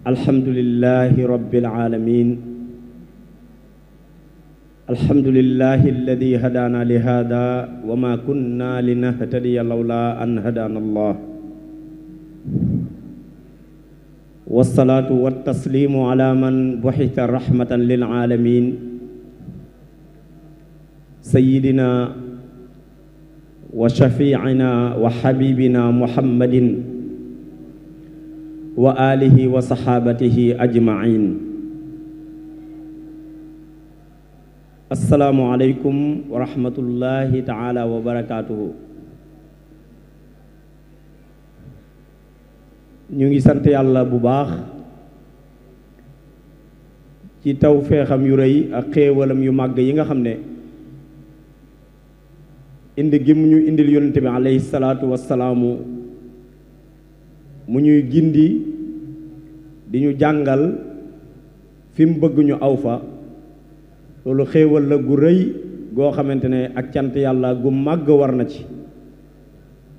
alhamdulillahi rabbil aalamiin alhamdulillahi alladi hadaana li haadaa wa maa kunna linahtadiya lawlaa an hadaana allah wassalaatu wattasliimu alaa man buxita rahmatan lil aalamiin sayyidinaa wa shafiicinaa wa xabiibinaa muhammadin wa alihi wa saxaabatihi ajmain asalaamu aleykum wa rahmatullahi taala wa barakaatuhu ñu ngi sant yàlla bu baax ci taw yu rëy ak xéewalam yu màgg yi nga xam ne indi gi mu ñu indil yonent bi alayhi mu ñuy gindi di ñu jàngal fi bëgguñu aw fa loolu xéewal la gu rëy goo xamante ne ak cant yàlla gu màgg war na ci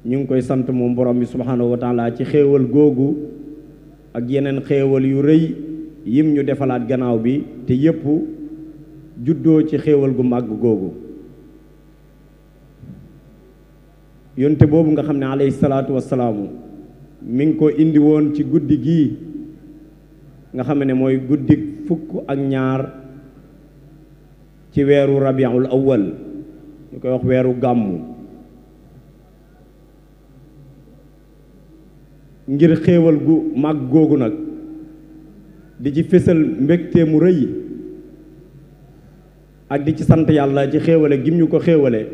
ñu ngi koy sant moom borom bi subhaanahu wa taala ci xéewal googu ak yeneen xéewal yu rëy yim ñu defalaat gannaaw bi te yépp juddoo ci xéewal gu màgg googu yonte boobu nga xam ne alayhi salaatu wassalaamu mi ngi ko indi woon ci guddi gii nga xam ne mooy guddik fukk ak ñaar ci weeru rabiul awal ñu koy wax weeru gàmmu ngir xéewal gu mag googu nag di ci fésal mbégte mu rëy ak di ci sant yàlla ci xéewale gim ñu ko xéewale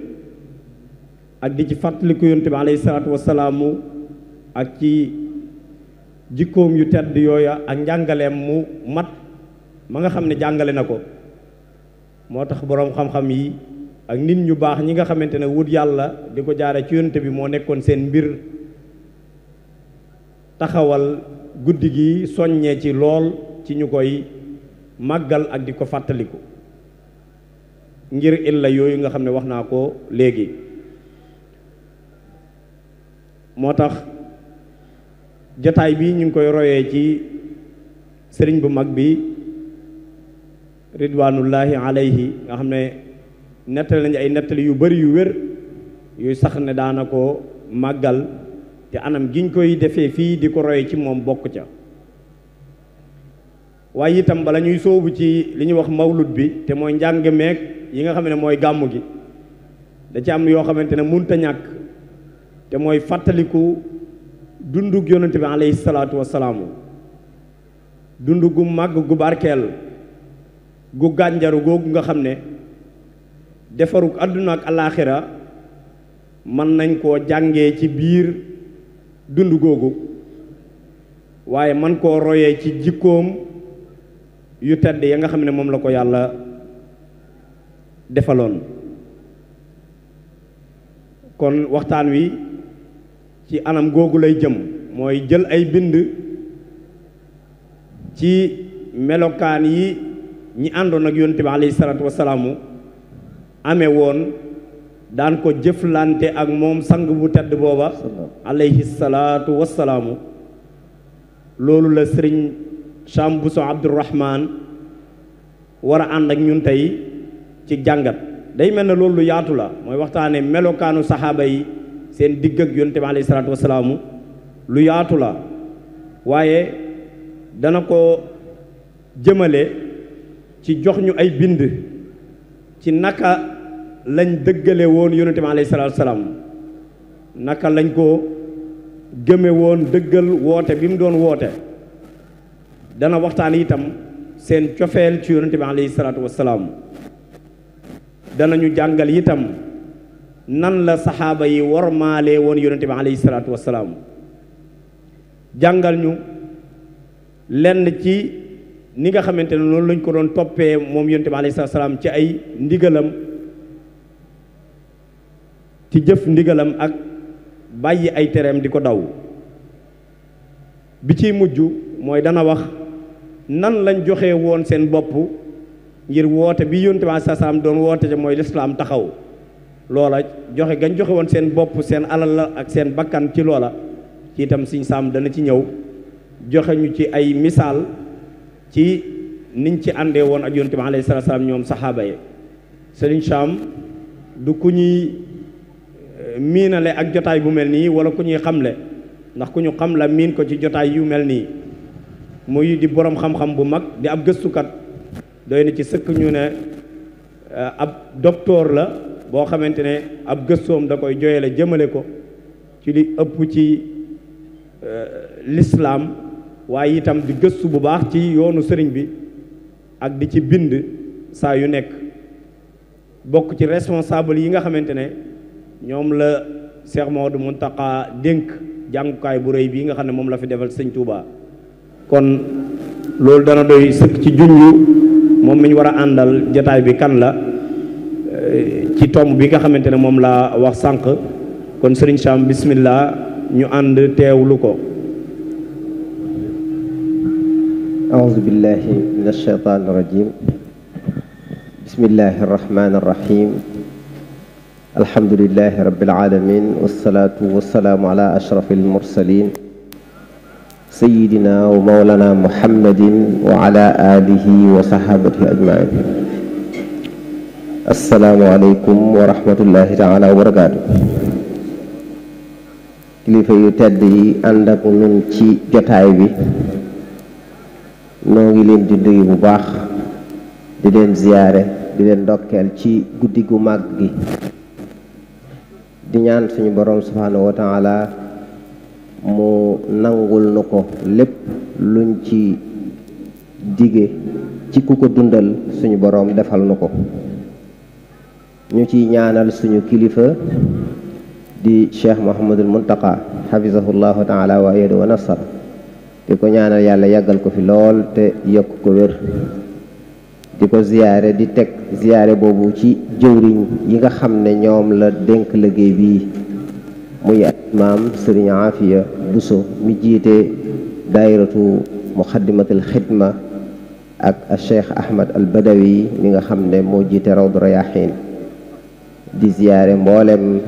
ak di ci fàttaliku yonte bi alayhi salaatu wasalaamu ak ci jikkoom yu tedd yooya ak njàngaleem mu mat ma nga xam ne jàngale na ko moo tax boroom xam-xam yi ak nit ñu baax ñi nga xamante ne wut yàlla di ko jaare ci yonte bi moo nekkoon seen mbir taxawal guddi gi soññee ci lool ci ñu koy màggal ak di ko fàttaliku ngir illa yooyu nga xam ne wax naa ko léegi moo tax jataay bii ñu ngi koy royee ci sëriñ bu mag bi ridwanullahi alayhi nga xam ne nettali nañu ay nettali yu bari yu wér yuy sax ne daana ko màggal te anam giñ koy defee fii di ko roye ci moom bokk ca waaye itam bala ñuy sóobu ci li ñuy wax mawlud bi te mooy njàng meeg yi nga xam ne mooy gàmmu gi da ci am yoo xamante ne munta ñàkk te mooy fàttaliku dundug yonent bi alayhi salaatu wasalaamu dund gu màgg gu barkeel gu gànjaru googu nga xam ne defarug àdduna ak alaaxira mën nañ koo jàngee ci biir dund googu waaye man koo royee ci jikkoom yu tedd ya nga xam ne moom la ko yàlla defaloon kon waxtaan wi ci anam googu lay jëm mooy jël ay bind ci melokaan yi ñi àndoon ak yonte bi alayhi salaatu amee woon daan ko jëflante ak moom sang bu tedd booba alayhi salaatu wasalaamu loolu la sëriñ Cham Bousso Abdourahman war a ànd ak ñun tey ci jàngat day mel ne loolu yaatu la mooy waxtaane melokaanu saxaaba yi seen digg ak yonent bi alayhi salaatu wasalaamu lu yaatu la waaye dana ko jëmale ci jox ñu ay bind ci naka lañ dëggale woon yonent bi alayhi salaatu wasalaam naka lañ ko gëme woon dëggal woote bi mu doon woote dana waxtaan itam seen cofeel ci yonent bi alayhi salaatu wasalaam danañu jàngal itam nan la saxaaba yi maale woon yonente bi alayhi salaatu wasalaam jàngal ñu lenn ci ni nga xamante ne noonu lañ ko doon toppee moom yonente bi alayhi salaatu wasalaam ci ay ndigalam ci jëf ndigalam ak bàyyi ay tereem di ko daw bi ciy mujj mooy dana wax nan lañ joxe woon seen bopp ngir woote bi yonente bi alayhi salaatu wasalaam doon woote ca mooy lislaam taxaw loola joxe gañ joxe woon seen bopp seen alal la ak seen bakkan ci loola ci itam Sëñ Saam dana ci ñëw joxe ñu ci ay misaal ci niñ ci àndee woon ak yonent bi alayhi ñoom saxaaba yi Sëriñ du ku ñuy eh, miinale ak jotaay bu mel nii wala ku ñuy xamle ndax ku ñu xam la miin ko ci jotaay yu mel nii muy di boroom xam-xam bu mag di ab gëstukat doy na ci sëkk ñu ne eh, ab docteur la boo xamante ne ab gëstoom da koy joyale jëmale ko ci li ëpp ci euh, lislaam waaye itam di gëstu bu baax ci yoonu sëriñ bi ak di ci bind saa yu nekk bokk ci responsable yi nga xamante ne ñoom la Cheikh Maodo Mountakha dénk jàngukaay bu rëy bii nga xam ne moom la fi defal sëñ Touba kon loolu dana doy sëkk ci junju moom mi ñu war a àndal jataay bi kan la ci tomb bi nga xamante ne moom laa wax sànq kon sëriñ Sam bismillah ñu ànd teewlu ko أعوذ بالله من الشيطان الرجيم بسم الله الرحمن الرحيم الحمد لله رب العالمين والصلاة والسلام على أشرف المرسلين سيدنا ومولانا محمد وعلى آله وصحابته أجمعين asalaamualeykum wa rahmatullahi taala wa barakaatu kilifa yu tedd yi ànd ak ñun ci jotaay bi noo ngi leen di nuyu bu baax di leen ziyaare di leen ndokkeel ci guddi gu màgg gi di ñaan suñu boroom subhaanahu wa taala mu nangul nu ko lépp luñ ci dige ci ku ko dundal suñu boroom defal nu ko ñu ci ñaanal suñu kilifa di cheikh Mouhamadul Muntaqa xafisahullahu taala wa ayada wa nasar di ko ñaanal yàlla yàggal ko fi lool te yokk ko wér di ko ziyaare di teg ziyaare boobu ci jëwriñ yi nga xam ne ñoom la dénk liggéey bii muy imaam sëriñ Aafiya Buso mi jiite daayiratu muxaddimatul xidma ak cheikh Ahmad al Badawi mi nga xam ne moo jiite rawdu rayaxiin di ziyaare mboolem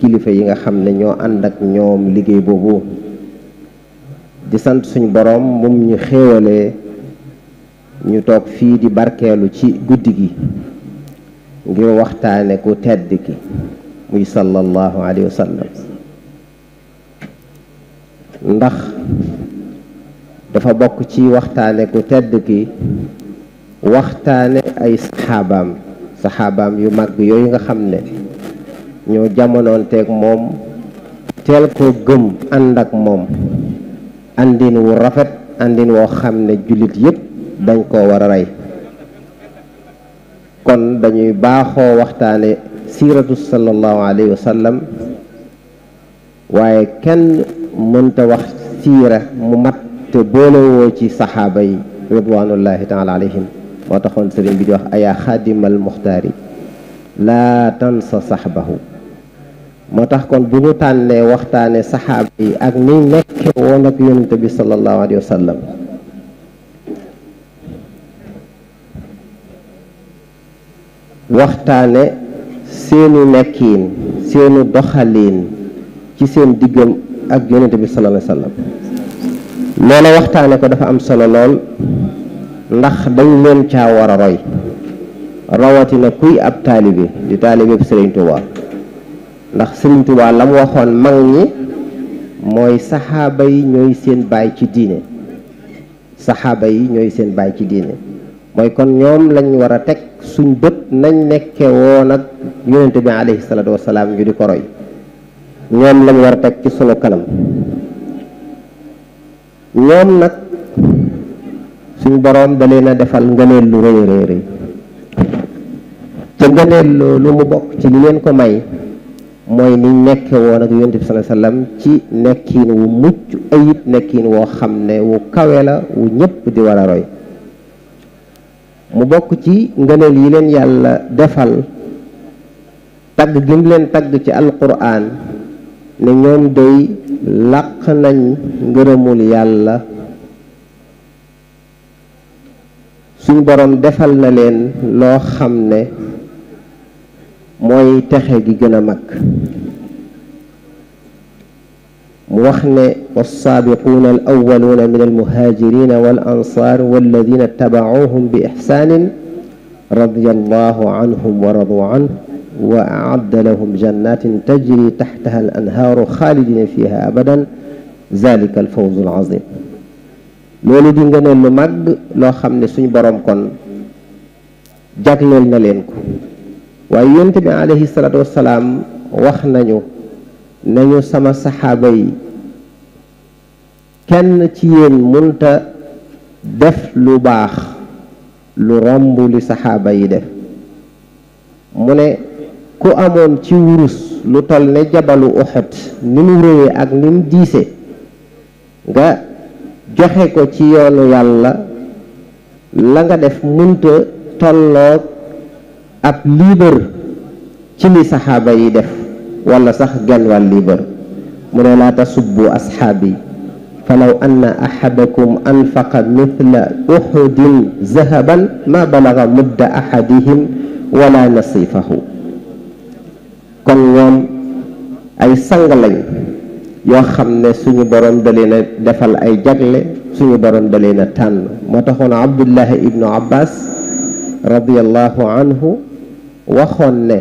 kilifa yi nga xam ne ñoo ànd ak ñoom liggéey boobu di sant suñu boroom moom ñu xéewalee ñu toog fii di barkeelu ci guddi gi ngir waxtaane ku tedd ki muy sallallahu alayhi wa sallam ndax dafa bokk ci waxtaane ku tedd ki waxtaane ay saxaabaam saxaabaam yu mag yooyu nga xam ne ñoo jamonoonteeg moom teel koo gëm ànd ak moom àndin wu rafet àndin woo xam ne jullit yépp dañ koo war a rey kon dañuy baaxoo waxtaane siiratu sallallahu alayhi wa waaye kenn mënta wax siira mu mat te boolewoo ci saxaaba yi ridwanullahi taala alayhim moo taxoon sëriñ bi di wax ayaa xaadimal muxtaari laa tansa saxbahu moo tax kon bu ñu tànnee waxtaane saxaaba yi ak ni nekke woon ak yonent bi sallallahu waxtaane seenu nekkiin seenu doxaliin ci seen diggam ak yonent bi sallallahu alayhi wa loola waxtaane ko dafa am solo lool ndax dañ leen caa war a roy rawatina kuy ab taalibe di taalibe bi sëriñ Tuubaa ndax sëriñ Tuubaa la mu waxoon mag ñi mooy saxaaba yi ñooy seen baay ci diine saxaaba yi ñooy seen baay ci diine mooy kon ñoom lañ war a teg suñ bët nañ nekke woon ak yonente bi alayhi salaatu wasalaam ñu di ko roy ñoom lañ war a teg ci sunu kanam ñoom nag suñu boroom da leen a defal ngëneel lu rëy rëy rëy ca ngëneel loolu mu bokk ci li leen ko may mooy ni nekke woon ak yonent bi sallallahu alayhi wasallam ci nekkiin wu mucc ayib nekkiin woo xam ne wu kawe la wu ñépp di war roy mu bokk ci ngëneel yi leen yàlla defal tagg gi mu leen tagg ci alquran ne ñoom day làq nañ ngërëmul yàlla suñu boroom defal na leen loo xam ne mooy texe gi gën a mag mu wax ne walsaabiquuna al awaluuna min almuhaajirina wal ansaar walladina tabacuuhum bi ixsaanin radia allahu anhum wa radu anhu wa acadda lahum jannatin tajri taxtaha al anhaaru xaalidina fiha abadan zalika alfawzu alazim loolu di nga lu màgg loo xam ne suñu boroom kon jagleel na leen ko waaye yonte bi alayhi salaatu wasalaam wax nañu nañu sama saxaaba yi kenn ci yéen munta def lu baax lu romb li saxaaba yi def mu ne ku amoon ci wurus lu toll ne jabalu Uhud ni mu réyee ak ni mu diise nga joxe ko ci yoonu yàlla la nga def munta tolloog ab liibar ci li saxaaba yi def walla sax genn wàll liibar mu ne laa tasubbu asxaabi falaw anna axadakum anfaqa mithla uxudin zahaban ma balaga mudda axadihim wala nasifahu kon ñoom ay sang lañ yoo xam ne suñu borom da leen a defal ay jagle suñu borom da leen tànn moo taxoon Abdullahi ibnu Abbas radiyallahu anhu waxoon ne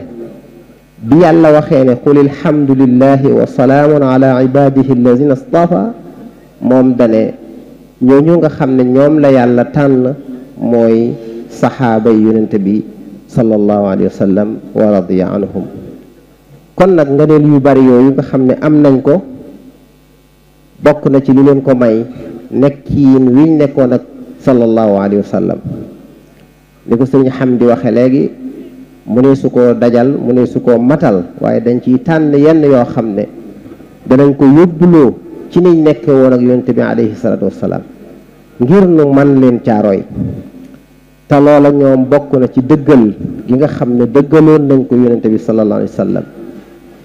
bi yàlla waxee ne qul alhamdulillahi wa salaamun ala ibadihi allazina istafa moom dane nga xam ne ñoom la yàlla tànn mooy saxaaba yi bi sallallahu alayhi wa sallam wa radiya anhum kon nag nga neel yu bari yooyu nga xam ne am nañ ko bokk na ci li leen ko may nekkiin wiñ nekkoon ak sallallahu alayhi wa sallam li ko sëriñ xam di waxee léegi mu ne su koo dajal mu ne su ko matal waaye dañ ciy tànn yenn yoo xam ne danañ ko yóbbuloo ci niñ nekke woon ak yonent bi alayhi salaatu wassalaam ngir nu man leen caaroy te loola ñoom bokk na ci dëggal gi nga xam ne dëggaloon nañ ko yonent bi sallallahu alayhi wa sallam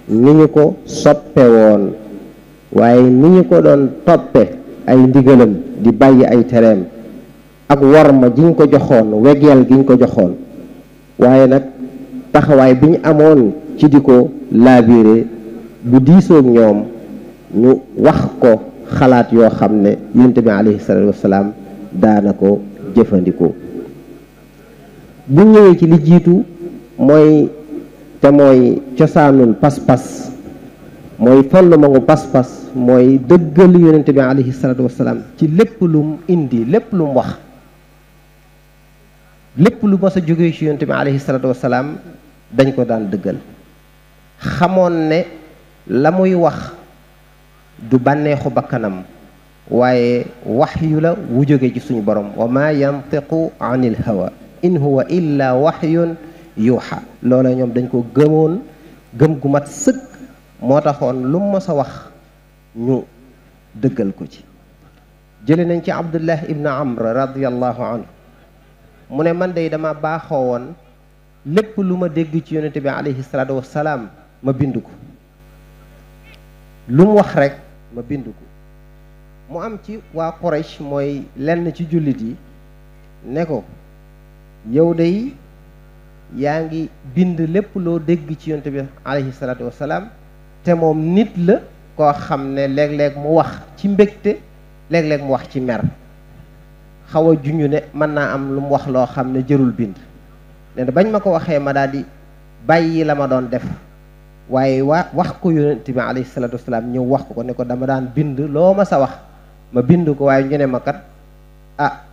ni ñu ko soppe waaye ni ñu ko doon toppe ay ndigalam di bàyyi ay tereem ak worma ji ñu ko joxoon wegeel gi ñu ko joxoon waaye nag taxawaay bi ñu amoon ci di ko laabiire bu diisoog ñoom ñu wax ko xalaat yoo xam ne yonent bi alayhi salaam wasalaam daana ko jëfandikoo bu ñëwee ci li jiitu mooy te mooy cosaanul pas-pas mooy fànn ma ngu pas-pas mooy dëggal yonente bi alayhi ci lépp lum indi lépp lum wax lépp lu mas a jógee ci yonente bi alayhi salaatu dañ ko daan dëggal xamoon ne la muy wax du bànneexu bakkanam waaye waxyu la wu jóge ci suñu borom wa ma yantiqu anil hawa la huwa illa waxyun yuuxa loola ñoom dañ ko gëmoon gëm gu mat sëkk moo taxoon lu mu mës a wax ñu dëggal ko ci jële nañ ci abdullah ibn amr radiallahu anhu mu ne man day dama baaxoo woon lépp lu ma dégg ci yonente bi alayhi salaatu wasalaam ma bind ko lu mu wax rek ma bind ko mu am ci waa Quraysh mooy lenn ci jullit yi ne ko yow day yaa ngi bind lépp loo dégg ci yonente bi alayhi salaatu salaam te moom nit la koo xam ne léeg-léeg mu wax ci mbégte léeg mu wax ci mer xaw a juñu ne mën naa am lu mu wax loo xam ne jërul bind ne bañ ma ko waxee ma daal di bàyyi la ma doon def waaye waa wax ko yonent bi alayhi salaatu ñëw wax ko ko ne ko dama daan bind loo ma sa ma bind ko waaye ñu ne ma kat ah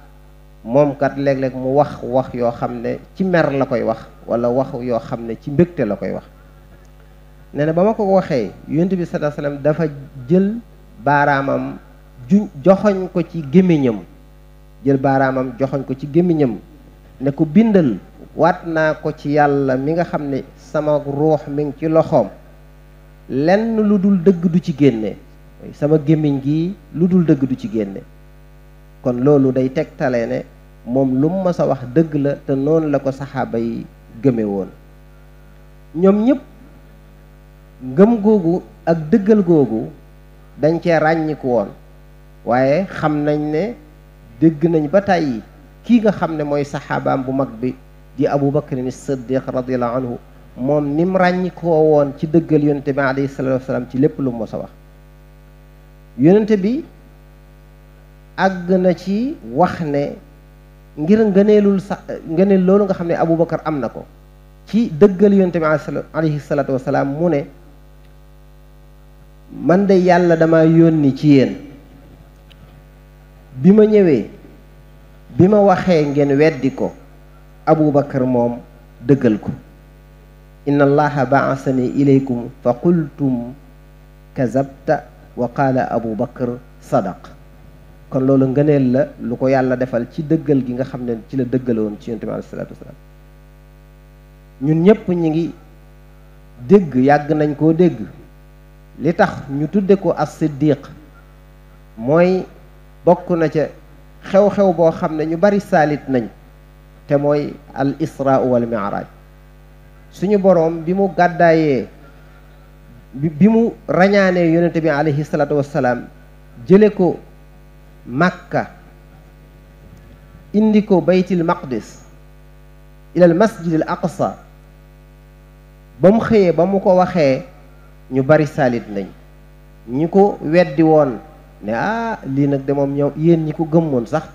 moom kat léeg-léeg mu wax wax yoo xam ne ci mer la koy wax wala wax yoo xam ne ci mbégte la koy wax nee na ba ma ko waxee yonent bi sallallahu alayhi dafa jël baaraamam ju joxoñ ko ci gémmiñam jël baaraamam joxoñ ko ci gémmiñam ne ko bindal waat naa ko ci yàlla mi nga xam ne sama ruux mi ngi ci loxoom lenn lu dul dëgg du ci génne sama gémmiñ gi lu dul dëgg du ci génne kon loolu day tegtale ne moom lu mu mës a wax dëgg la te noonu la ko saxaaba yi gëme woon ñoom ñëpp ngëm googu ak dëggal googu dañ cee ràññiku woon waaye xam nañ ne dëgg nañ ba tàyyi kii nga xam ne mooy saxaabaam bu mag bi di abu bakrin siddiq radiallahu anhu moom nim ràññikoo woon ci dëggal yonente bi alayhi salatu ci lépp lu mu a wax yonente bi àgg na ci wax ne ngir ngëneelul sa ngëneel loolu nga xam ne abu abubakar am na ko ci dëggal yonente bi alayhi mu ne man de yàlla dama yónni ci yéen bi ma ñëwee bi ma waxee ngeen weddi ko abubakar moom dëggal ko inna allaha baasani ilaykum fa qultum kazabta wa qaala abubakar sadaq kon loolu ngëneel la lu ko yàlla defal ci dëggal gi nga xam ne ci la dëggaloon ci yonent bi alayhi salaatu wasalaam ñun ñépp ñi ngi dégg yàgg nañ koo dégg li tax ñu tudde ko as siddiq mooy bokk na ca xew-xew boo xam ne ñu bari saalit nañ te mooy al israa wal miraaj suñu boroom bi mu gàddaayee bi mu rañaanee yonente bi alayhi salaatu wassalaam jële ko makka indi ko baytil maqdis ilal masjidil aqsa ba mu xëyee ba mu ko waxee ñu bari saalit nañ ñi ko weddi woon ne ah lii nag de moom ñoom yéen ñi ko gëmmoon sax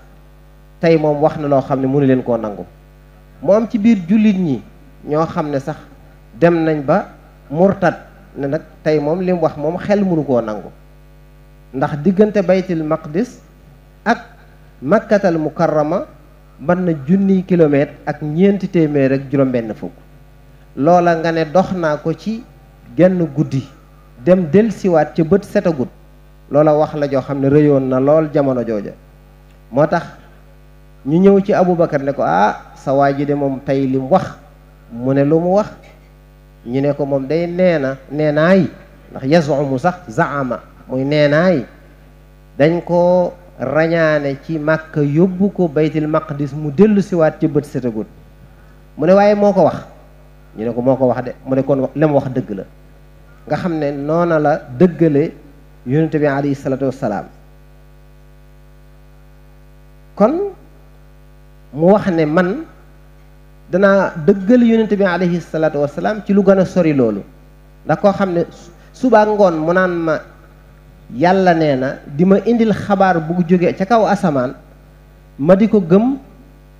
tey moom wax na loo xam ne mënu leen koo nangu mu am ci biir jullit ñi ñoo xam ne sax dem nañ ba murtad ne nag tey moom li wax moom xel mënu koo nangu ndax diggante baytil maqdis ak makkatal mukarrama mën na junniy kilomètre ak ñeenti téeméer ak juróom-benn fukk loola nga ne dox naa ko ci genn guddi dem dël siwaat ca bët setagut loola wax la joo xam ne rëyoon na lool jamono jooja moo tax ñu ñëw ci Aboubacar ne ko ah sa waa ji de moom tey li wax mu ne lu mu wax ñu ne ko moom day nee na neenaay ndax ya yazumu sax zaama muy neenaay dañ ko rañaane ci Makka yóbbu ko baytil maqdis mu dellu siwaat ci bët gudd mu ne waaye moo ko wax ñu ne ko moo ko wax de mu ne kon li mu wax dëgg la nga xam ne noona la dëggale yonente bi alayhi salaatu wassalaam kon mu wax ne man dana dëggal yonente bi alayhi salaatu wassalaam ci lu gën a sori loolu ndax koo xam ne subaa ngoon mu naan ma yàlla nee na di ma indil xabaar bu jóge ca kaw asamaan ma di ko gëm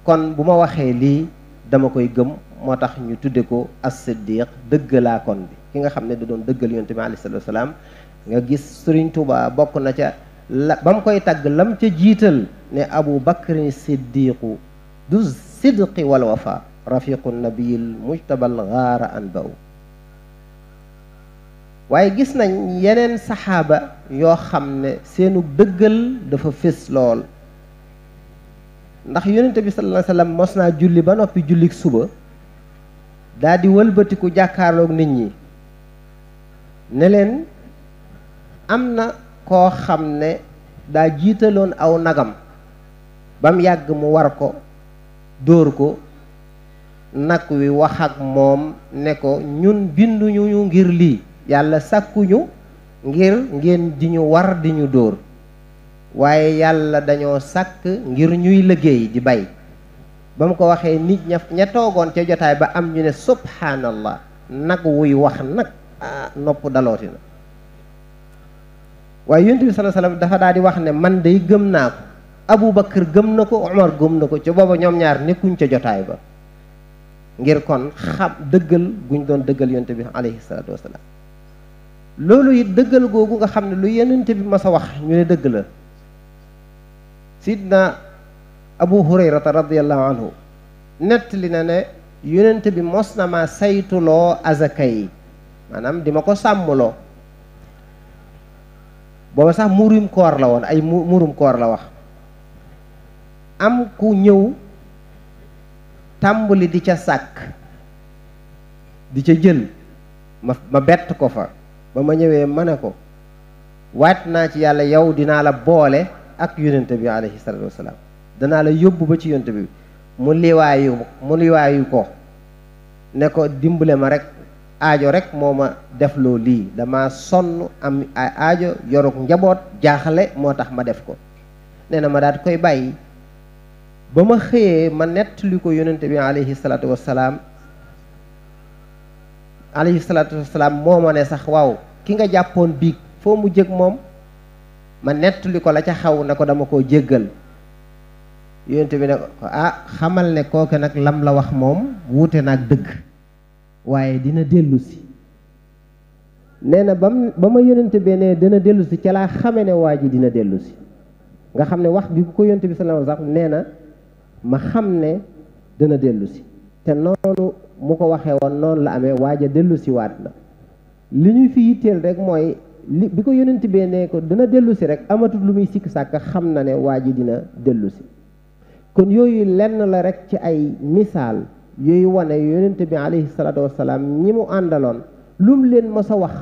kon bu ma waxee lii dama koy gëm moo tax ñu tudde ko as-siddiq dëggalaakoon bi ki nga xam ne da doon dëggal yonte bi alayhi salaatu wasalaam nga gis Sëriñ Tuubaa bokk na ca la ba mu koy tàgg lam ca jiital ne abu bakrin siddiqu du sidqi wal wafa rafiqu nabiyil mujtabal gaara an waaye gis nañ yeneen saxaaba yoo xam ne seenu dëggal dafa fés lool ndax yonente bi sallallahu alayhi mos naa julli ba noppi jullik suba daldi wëlbatiku jàkkaarloog nit ñi ne leen am na koo xam ne daa jiitaloon aw nagam bam yàgg mu war ko dóor ko nag wi wax moom ne ko ñun binduñu ngir lii yàlla sàkkuñu ngir ngeen di ñu war di ñu dóor waaye yàlla dañoo sàkk ngir ñuy liggéey di bay ba mu ko waxee nit ña ña toogoon ca jotaay ba am ñu ne subhanallah nag wuy wax nag ah, nopp dalooti na waaye yonent bi sallallahu alayhi wasallam dafa daal di wax ne man day gëm naa ko Abu Bakar gëm na ko Umar gëm na ko ca booba ñoom ñaar nekkuñ ca jotaay ba ngir kon xam dëggal guñ doon dëggal yonent bi alayhi salaatu wasalaam loolu it dëggal googu nga xam ne lu yonent bi mas a wax ñu ne dëgg la sidna abu hurayrata radiallahu anhu nettali na ne yonent bi mos na ma saytuloo azaka maanaam di ma ko sàmmloo booba sax murum koor la woon ay murum koor la wax am ku ñëw tàmbali di ca sàkk di ca jël ma ma bett ko fa ba ma ñëwee ma ne ko waat naa ci yàlla yow dinaa la boole ak yonent bi alayhi salaatu wasalaam danaa la yóbbu ba ci yont bi mu liwaayu ko ne ko dimbale ma rek aajo rek moo ma def loo lii dama sonn am ay aajo yoruk njaboot jaaxle moo tax ma def ko nee na ma daat koy bàyyi ba ma xëyee ma nettali ko yonente bi alayhi salaatu wassalaam alayhi salaatu moo ma ne sax waaw ki nga jàppoon biig foo mu jëg moom ma nettali ko la ca xaw ne ko dama koo jéggal yonent bi ne ko ah xamal ne kooke nag lam la wax moom wuute naag dëgg waaye dina dellu si nee na bam ba ma yonent bi ne dina dellu ca laa xame ne waa ji dina dellu si nga xam ne wax bi ko yonent bi sallallahu alayhi nee na ma xam ne dina dellu si te noonu mu ko waxee woon noonu la amee waaja dellu si waat na li ñuy fi yitteel rek mooy li bi ko yonent bi ko dina dellu si rek amatul lu muy sikk sàkk xam na ne waa ji dina dellu si kon yooyu lenn la rekk ci ay misaal yooyu wane yonente bi alayhi salaatu wasalaam ñi mu àndaloon lum leen mës wax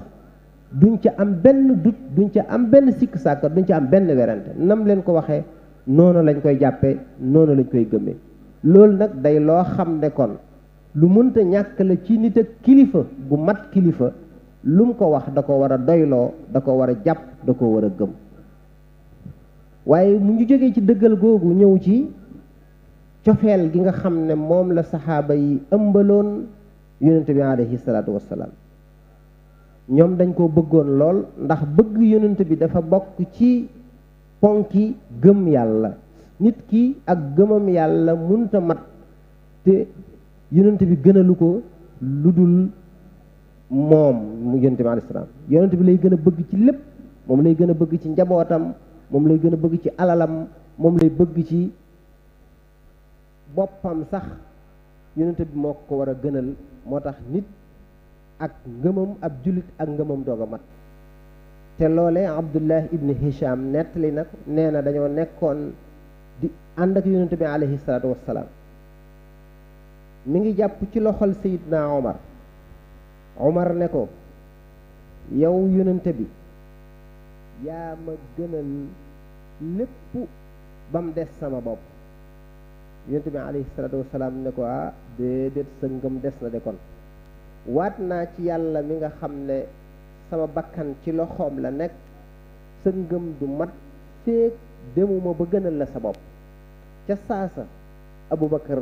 duñ ca am benn dut duñ ca am benn sikk sàkk duñ ca am benn werante nam leen ko waxee noonu lañ koy jàppee noonu lañ koy gëmee loolu nag day loo xam ne kon lu mënta ñàkk la ci nit ak kilifa gu mat kilifa lum ko wax da ko war a doyloo da ko war a jàpp da ko war a gëm waaye mu ñu jógee ci dëggal googu ñëw ci cofeel gi nga xam ne moom la saxaaba yi ëmbaloon yonente bi alayhi salaatu wassalaam ñoom dañ koo bëggoon lool ndax bëgg yonente bi dafa bokk ci ponki gëm yàlla nit ki ak gëmam yàlla munta mat te yonente bi gënalu ko lu dul moom mu yonente bi alayhi bi lay gën a bëgg ci lépp moom lay gën a bëgg ci njabootam moom lay gën a bëgg ci alalam moom lay bëgg ci boppam sax yonent bi moo ko war a gënal moo tax nit ak ngëmam ab jullit ak ngëmam doog a te loole abdullah ibn hisham nettali nag nee na dañoo nekkoon di ànd ak yonent bi alayhi salaatu wassalaam mi ngi jàpp ci loxol sayidna omar omar ne ko yow yonent bi yaa ma gënal lépp ba mu des sama bopp yonent bi alayhi salaatu ne ko ah déedéet sa ngëm des na de kon waat naa ci yàlla mi nga xam ne sama bakkan ci loxoom la nekk sa ngëm du mat feek demuma ba gënal la sa bopp ca saasa Abubakar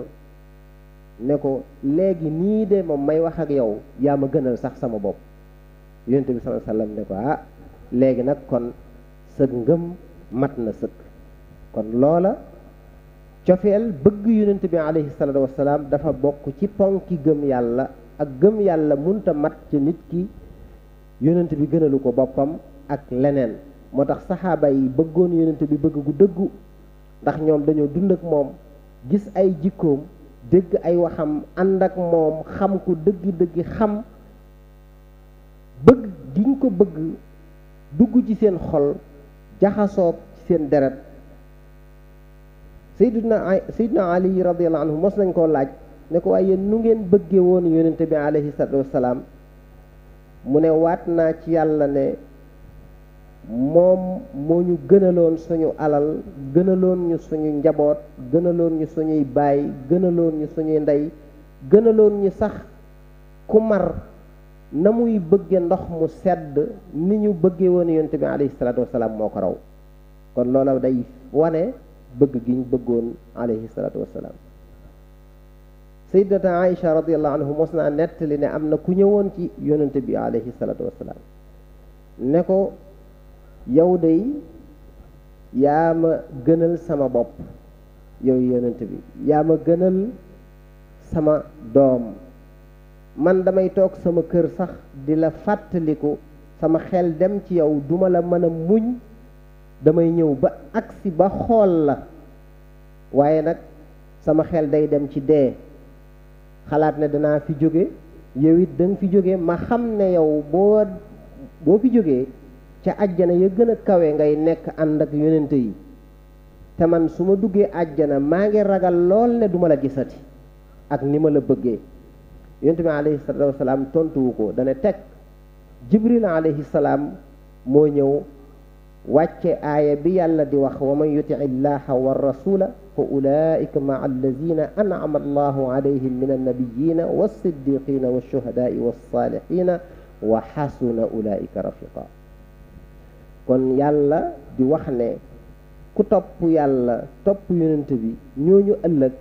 ne ko léegi nii de moom may wax ak yow yaa ma gënal sax sama bopp yonent bi sallallahu alayhi ne ko ah léegi nag kon sa ngëm mat na sëkk kon loola cofeel bëgg yonent bi alayhi salaatu wasalaam dafa bokk ci ponki gëm yàlla ak gëm yàlla munta mat ci nit ki yonent bi gënalu ko boppam ak leneen moo tax saxaaba yi bëggoon yonent bi bëgg gu dëggu ndax ñoom dañoo dund ak moom gis ay jikkoom dégg ay waxam ànd ak moom xam ko dëgg-dëgg xam bëgg giñ ko bëgg dugg ci seen xol jaxasoo ci seen deret sayduna sayduna ali radiallahu anhu mos nañ koo laaj ne ko waaye nu ngeen bëggee woon yonente bi alayhi salatu wasalaam mu ne waat naa ci yàlla ne moom moo ñu gënaloon suñu alal gënaloon ñu suñu njaboot gënaloon ñu suñuy baay gënaloon ñu suñuy ndey gënaloon ñu sax ku mar na muy bëgge ndox mu sedd ni ñu bëggee woon yonent bi alayhi salatu wasalaam moo ko raw kon loola day wane bëgg giñ bëggoon alayhi salaatu wassalaam sayidatuna aïcha radiallahu anhu mos naa nettali ne am na ku ñëwoon ci yonente bi alayhi salaatu wassalaam ne ko yow day yaa ma gënal sama bopp yow yonente bi yaa ma gënal sama doom man damay toog sama kër sax di la fàttaliku sama xel dem ci yow duma la mën a muñ damay ñëw ba agsi ba xool la waaye nag sama xel day dem ci dee xalaat ne danaa fi jóge yow it danga fi jóge ma xam ne yow boo boo fi jógee ca ajjana ya gën a kawe ngay nekk ànd ak yonente yi te man su ma duggee àjjana maa ngi ragal lool ne duma la gisati ak ni ma la bëggee yonente bi alayhi wasalaam tontuwu ko dana teg jibril alayhi salaam moo ñëw wàcce aaya bi yàlla di wax wa man yuti illaha wa rasula fa ulaika maa allazina an'ama allahu alayhim min annabiyina wassiddiqina washuhadaai wassalihina wa xasuna ulaika rafiqa kon yàlla di wax ne ku topp yàlla topp yonent bi ñooñu ëllëg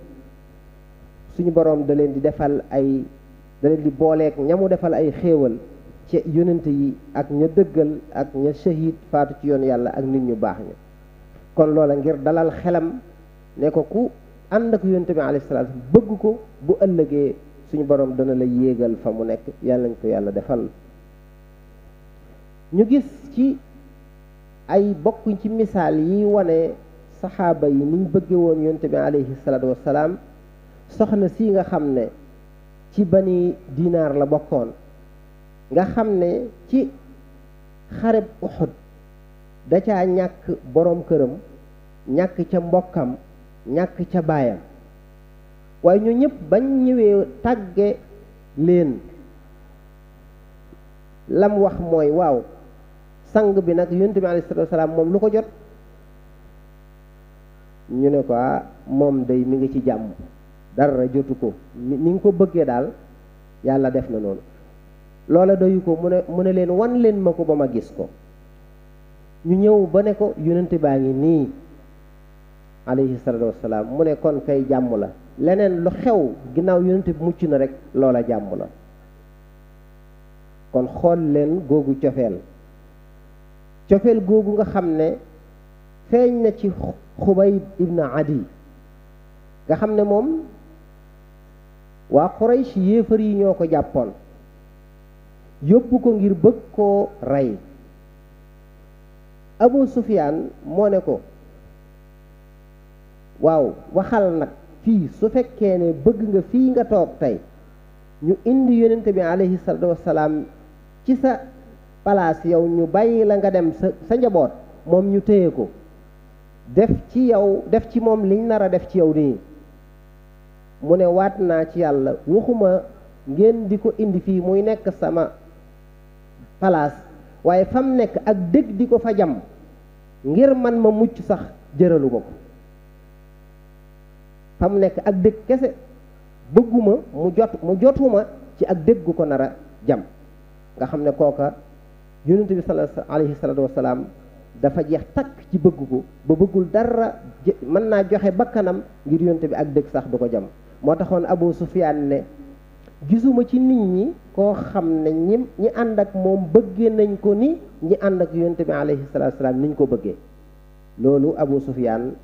suñu boroom da leen di defal ay da leen di booleeg ñamu defal ay xéewal ci yonente yi ak ña dëggal ak ña shahid faatu ci yoon yàlla ak nit ñu baax ñu kon loola ngir dalal xelam ne ko ku ànd ak yonente bi alayhi salaatu bëgg ko bu ëllëgee suñu borom dana la yéegal fa mu nekk yàlla ñu ko yàlla defal ñu gis ci ay bokk ci misaal yi wane saxaaba yi niñ bëgge woon yonente bi alayhi salaatu wassalaam soxna si nga xam ne ci bani dinaar la bokkoon nga xam ne ci xareb Uhud da ca ñàkk boroom këram ñàkk ca mbokkam ñàkk ca baayam waaye ñu ñëpp bañ ñëwee tàgge leen lam wax mooy waaw sang bi nag yonent bi alayhi salaatu moom lu ko jot ñu ne ko ah, moom day mi ngi ci jàmm dara jotu ko ni nga ko bëggee daal yàlla def na noonu loola doyu ko mu ne mu ne leen wan leen ma ko ba ma gis ko ñu ñëw ba ne ko yonent baa ngi nii alayhi salaatu wasalaam mu ne kon kay jàmm la leneen lu xew ginnaaw yonent bi mucc na rek loola jàmm la kon xool leen googu cofeel cofeel googu nga xam ne feeñ na ci xubayb ibn adi nga xam ne moom waa Quraysh yéefar yi ñoo ko jàppoon yóbbu ko ngir bëgg koo rey Abu Sufyaan moo ne ko waaw waxal nag fii su fekkee ne bëgg nga fii nga toog tey ñu indi yonente bi alayhi salaatu ci sa palaas yow ñu bàyyi la nga dem sa sa njaboot moom ñu téye ko def ci yow def ci moom liñ nar a def ci yow nii mu ne waat naa ci yàlla waxuma ngeen di ko indi fii muy nekk sama place waaye fam nekk ak dëgg di ko fa jam ngir man ma mucc sax jëralu ko ko mu nekk ak dégg kese bëgguma mu jot mu jotuma ci ak dëgg ko nar a jam nga xam ne kooka yonent bi sala alayhi salaatu wasalaam dafa jeex takk ci bëgg ko ba bëggul dara mën naa joxe bakkanam ngir yonent bi ak dëgg sax du ko jam moo taxoon Abu Sufyaan ne gisuma ci nit ñi koo xam ne ñi ànd ak moom bëggee nañ ko ni ñi ànd ak yonte bi alayhi salaatu salaam niñ ko bëggee loolu Abu Sufyaan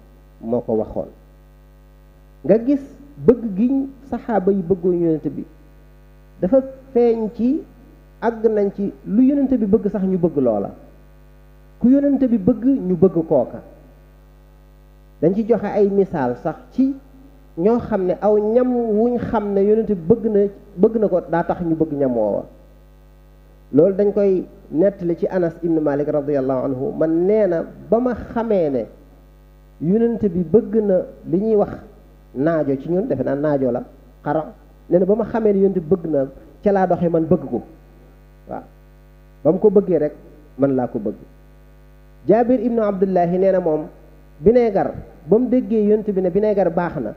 moo ko waxoon nga gis bëgg giñ saxaaba yi bëggoon yonent bi dafa feeñ ci àgg nañ ci lu yonent bi bëgg sax ñu bëgg loola ku yonent bi bëgg ñu bëgg kooka dañ ci joxe ay misaal sax ci ñoo xam ne aw ñam wuñ xam ne yonent bi bëgg na bëgg na ko daa tax ñu bëgg ñam woowa loolu dañ koy nettali ci anas ibn malik radiallahu anhu man nee na ba ma xamee ne yonent bi bëgg na li ñuy wax naajo ci ñun defe naa naajo la xara nee na ba ma xamee ne yonent bëgg na ca laa doxee man bëgg ko waaw ba mu ko bëggee rek man laa ko bëgg jaabir ibnu abdullahi nee na moom bineegar ba mu déggee yonent bi ne bineegar baax na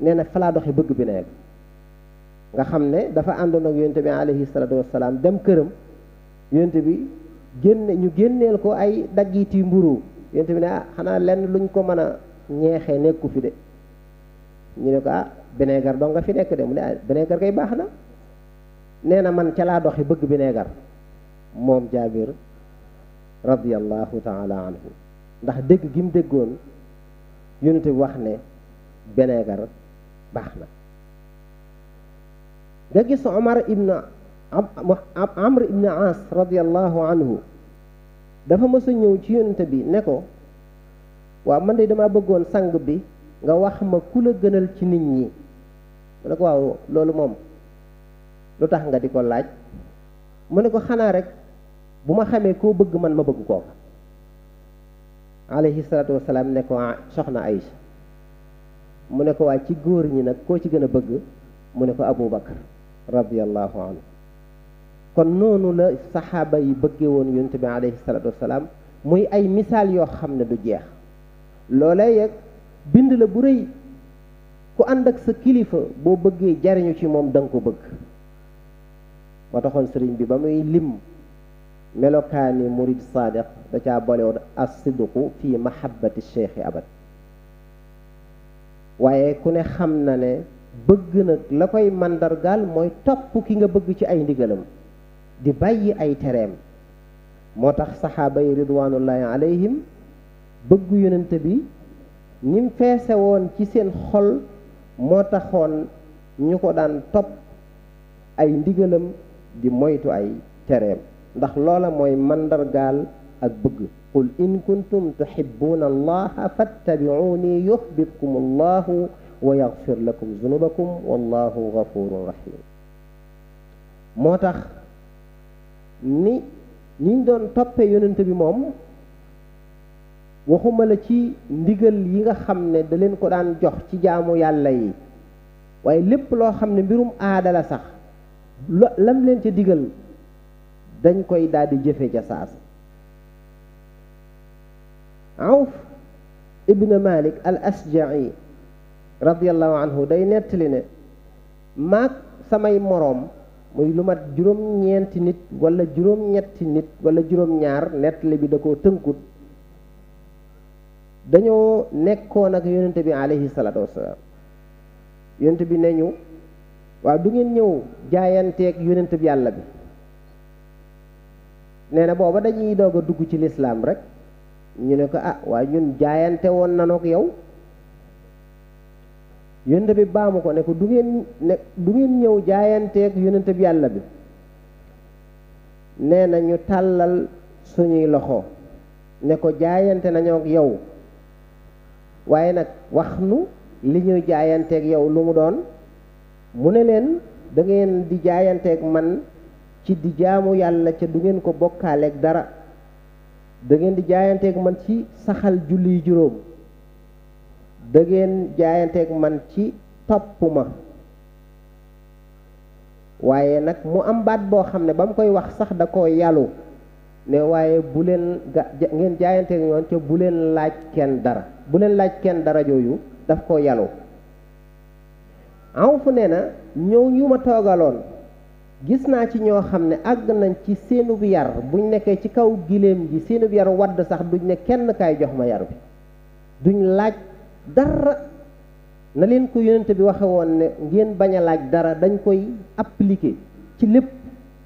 nee na falaa doxe bëgg bi na yegg nga xam ne dafa àndoon ak yonte bi alayhi salaatu wasalaam dem këram yonte bi génne ñu génneel ko ay daggiti mburu yonte bi ne ah xanaa lenn luñ ko mën a ñeexee nekku fi de ñu ne ko ah bineegar doo nga fi nekk de mu ne ah bineegar kay baax na nee na man ca laa doxi bëgg bineegar moom jaabir radiallahu taala anhu ndax dégg gi mu déggoon yonte wax ne bineegar baax na nga gis Omar ibn Amr ibn As radiyallahu anhu dafa mës a ñëw ci yonent bi ne ko waa man de dama bëggoon sang bi nga wax ma ku la gënal ci nit ñi mu ne ko waaw loolu moom lu tax nga di ko laaj mu ne ko xanaa rek bu ma xamee koo bëgg man ma bëgg kooka alayhi salaatu wasalaam ne ko ah, soxna Aïcha mu ne ko waa ci góor ñi nag koo ci gën a bëgg mu ne ko Abu Bakar radiallahu anhu kon noonu la saxaaba yi bëggee woon yonent bi alayhi salaatu muy ay misaal yoo xam ne du jeex loolee yeeg bind la bu rëy ku ànd ak sa kilifa boo bëggee jariñu ci moom danga ko bëgg moo taxoon sëriñ bi ba muy lim melokaani murid saadiq da caa boole woon as fi mahabbati cheikhi abad waaye ku ne xam na ne bëgg nag la koy màndargaal mooy topp ki nga bëgg ci ay ndigalam di bàyyi ay tereem moo tax saxaaba yi ridwanullahi alayhim bëgg yonent bi nim feese woon ci seen xol moo taxoon ñu ko daan topp ay ndigalam di moytu ay tereem ndax loola mooy màndargaal ak bëgg qul in kuntum tuhibbuuna allaha fattabi'uuni yuhbibkum allahu wa yaghfir lakum zunubakum wallahu ghafurun rahim moo tax ni niñ doon toppee yonent bi moom waxuma la ci ndigal yi nga xam ne da leen ko daan jox ci jaamu yàlla yi waaye lépp loo xam ne mbirum aadala la sax lam leen ca digal dañ koy daal di jëfe ca saas awf ibn malik al asja'i radiallahu anhu day nettali ne maag samay moroom muy lu mat juróom-ñeenti nit walla juróom-ñetti nit wala juróom-ñaar nettali bi da koo tënkut dañoo nekkoon ak yonent bi alayhi salaatu wasalaam yonent bi ne ñu waaw du ngeen ñëw jaayanteeg yonent bi yàlla bi nee na booba dañuy dogg dugg ci lislaam rek ñu ne ko ah waaye ñun jaayante woon nanook yow yonente bi baamu ko ne ko du ngeen ne du ngeen ñëw jaayanteeg yonente yàlla bi nee na ñu tàllal suñuy loxo ne ko jaayante nañook yow waaye nag wax nu li ñuy jaayanteeg yow lu mu doon mu ne leen dangeen di jaayanteeg man ci di jaamu yàlla ca du ngeen ko bokkaaleek dara dangeen di jaayanteeg man ci saxal julli juróom dangeen ngeen man ci topp ma waaye nag mu am baat boo xam ne ba mu koy wax sax da koo yàllu ne waaye bu ga ngeen jaayanteeg ñoon ca bu leen laaj kenn dara bu leen laaj kenn dara jooju daf koo yàllu aw fu nee na ñëw ñu ma toogaloon gis naa ci ñoo xam ne àgg nañ ci seenub yar buñ nekkee ci kaw giléem gi seenub yar wadd sax duñ ne kenn kaay jox ma yar bi duñ laaj dara na leen ko yonente bi waxe woon ne ngeen bañ a laaj dara dañ koy appliquer ci lépp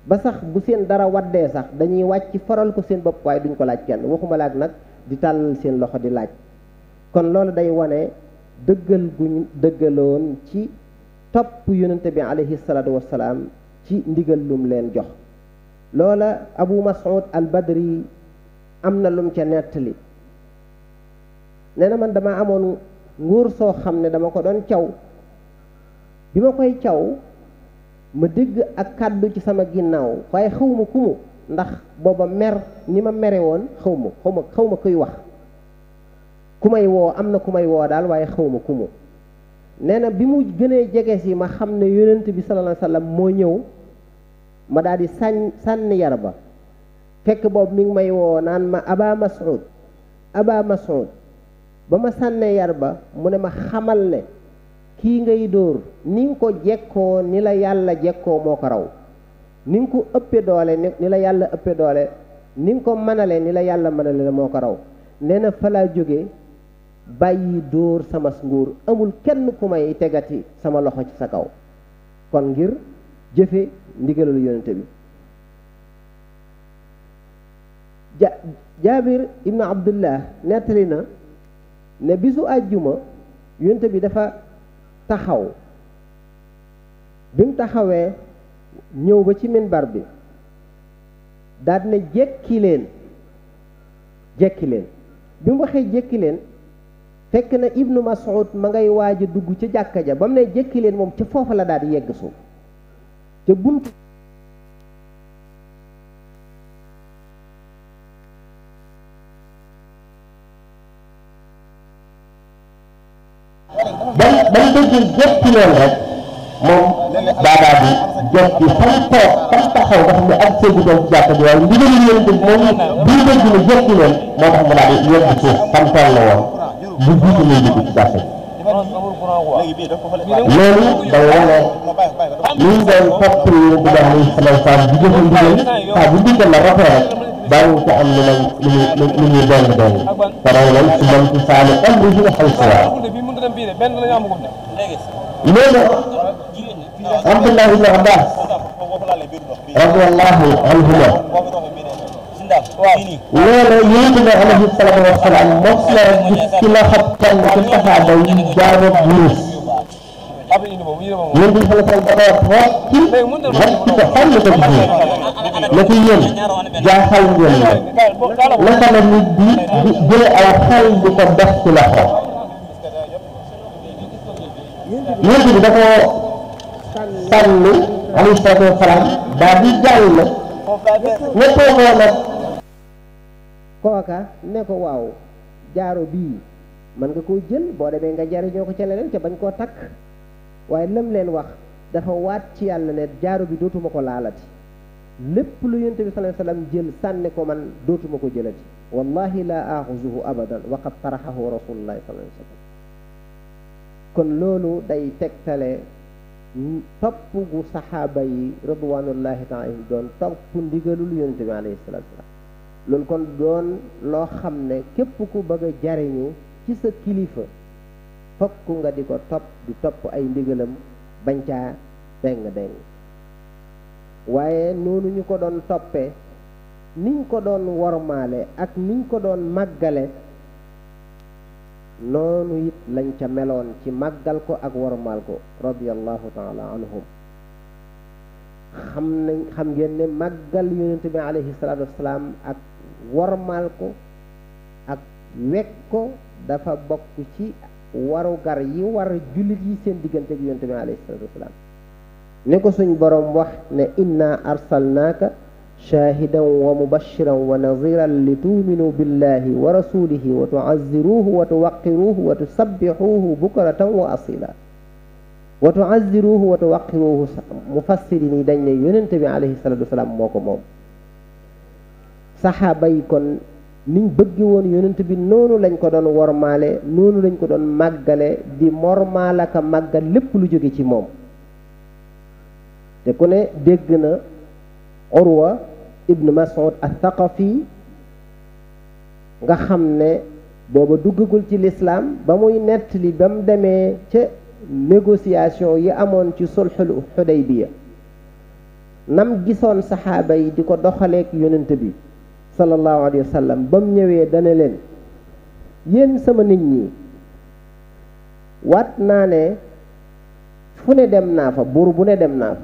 ba sax bu seen dara waddee sax dañuy wàcc faral ko seen bopp waaye duñ ko laaj kenn waxuma laaj nag di tàllal seen loxo di laaj kon loolu day wane dëggal guñ dëggaloon ci topp yonente bi alayhi salaatu wassalaam ci ndigal lum leen jox loola abu mas'ud al badri am na lum ca nettali nee na man dama amoon nguur soo xam ne dama ko doon caw bi ma koy caw ma dégg ak kàddu ci sama ginnaaw waaye xaw ma ku mu ndax booba mer ni ma mere woon xaw ma xaw ma xaw kuy wax ku may woo am na ku may woo daal waaye xaw ma ku mu nee na bi mu gënee jege si ma xam ne yonent bi sallallahu alayhi wasallam moo ñëw ma daal di sañ sànni yar ba fekk boobu mi ngi may woo naan ma aba mas'ud aba mas'ud ba ma sànnee yar ba mu ne ma xamal ne kii ngay dóor ni ko jekkoo ni la yàlla jekkoo moo ko raw ni nga ko ëppee doole ni la yàlla ëppee doole ni nga ko mënale ni la yàlla mënale la moo ko raw nee na fa jóge bàyyi dóor sama nguur amul kenn ku may tegati sama loxo ci sa kaw kon ngir jëfe ndigalalu yonente bi ja jaabir ibnu abdullah nettali na ne bisu àjjuma yonente bi dafa taxaw bi mu taxawee ñëw ba ci minbar bi daal ne jekki leen jekki leen bi mu waxee jekki leen fekk na ibnu mas'ud ma ngay waaj a dugg ca jàkka ja ba mu ne jekki leen moom ca foofa la daal di yegg suuf te buntu ba ba mu déggee jot ci loolu rek moom baadaa bi jot ci fan toog fan taxaw nga xam ne ak séddu doon ci jàkk bi waaye ndigal yéen bi moom bii dégg ne jot ci loolu moo tax di bu jiitu muy loolu day wane li ñu doon topp ñu di wax muy semence bi di jëfandikoo saa bu digal la rafet rek daañu ko am lu muy lu muy lu muy dong dong te loolu lañ si mën ci saa ne am lu ñu xal si waat. loolu Abdullah ibn Abbas radiyallahu anhuma loolu yéen nga alayhi salaatu wa salaam moom la gis ci la xam kenn ci saxaaba yi jaaroo Yunus yéen bi xale sal dafa wax ci waxtu ba xam ne ko gisee la ko yéen jaaxal ngeen la naka la nit di di jële aw xel di ko def ci loxo yéen bi dafa sànni alayhi salaatu wa salaam daal di jàll la ñettoo nag kooka ne ko waaw jaaro bii mën nga koo jël boo demee nga jariñoo ko ca leneen ca bañ koo takk waaye lam leen wax dafa waat ci yàlla ne jaaro bi dootuma ko laalati lépp lu yonent bi sallallahu alayhi wasallam jël sànni ko man dootuma ko jëlati wallahi la axuzuhu abadan waqad taraxahu rasulullahi sallallahu alayhi wa kon loolu day tegtale topp gu saxaaba yi ridwanullahi taala doon topp ndigalul yonent bi alayhi salatu loolu kon doon loo xam ne képp ku bëgg a jariñu ci sa kilifa fokk nga di ko topp di topp ay ndigalam bañ caa deng deng waaye noonu ñu ko doon toppe niñ ko doon wormaale ak niñ ko doon màggale noonu it lañ ca meloon ci màggal ko ak wormaal ko radiallahu taala xam nañ xam ngeen ne màggal yonent bi alayhi salaatu wasalaam ak wormaal ko ak wekk ko dafa bokk ci warugar yi war jullit yi seen diggante ak yonent bi alayhi salaatu wasalaam ne ko suñ boroom wax ne inna arsalnaaka shaahidan wa mubashiran wa naziran li tuuminu billahi wa rasulihi wa tuazziruuhu wa tuwaqiruuhu wa tusabbixuuhu bukratan wa asila wa tuazziruuhu wa tuwaqiruuhu mufassirin yi dañ ne yonent bi alayhi salaatu wasalaam moo ko moom saxaaba yi kon niñ bëgge woon yonent bi noonu lañ ko doon wormaale noonu lañ ko doon màggale di mormaalaka màggal lépp lu jóge ci moom te ku ne dégg na Urwa ibnu Mas'ud al-Thaqafi nga xam ne booba duggagul ci lislaam ba muy nettali ba mu demee ca négociation yi amoon ci sulxul Xudaybiya nam gisoon saxaaba yi di ko doxaleek yonent bi sallallahu alayhi wa sallam ba ñëwee dana leen yéen sama nit ñi waat naa ne fu ne dem naa fa buur bu ne dem naa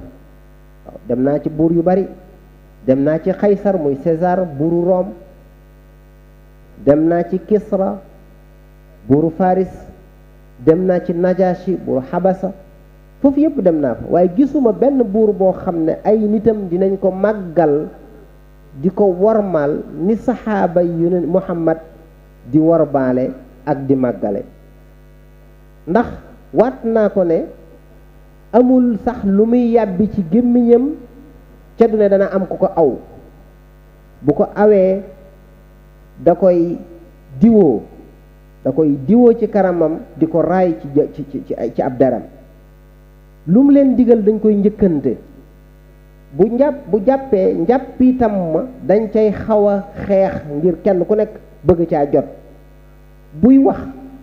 fa dem naa ci buur yu bari dem naa ci xaysar muy César buuru Rome dem naa ci Kisra buuru Faris dem naa ci Najashi buuru Habasa foofu yépp dem naa fa waaye gisuma benn buur boo xam ne ay nitam dinañ ko màggal di ko wormaal ni saxaaba yu ne muhammad di worbaale ak di màggale ndax waat naa ko ne amul sax lu muy yàbbi ci gémmiñam ca du ne dana am ku ko aw bu ko awee da koy diwoo da koy diwoo ci karamam di ko raay ci ab daram lu mu leen digal dañ koy njëkkante bu njàpp bu jàppee njàpp itam ma dañ cay xaw a xeex ngir kenn ku nekk bëgg caa jot buy wax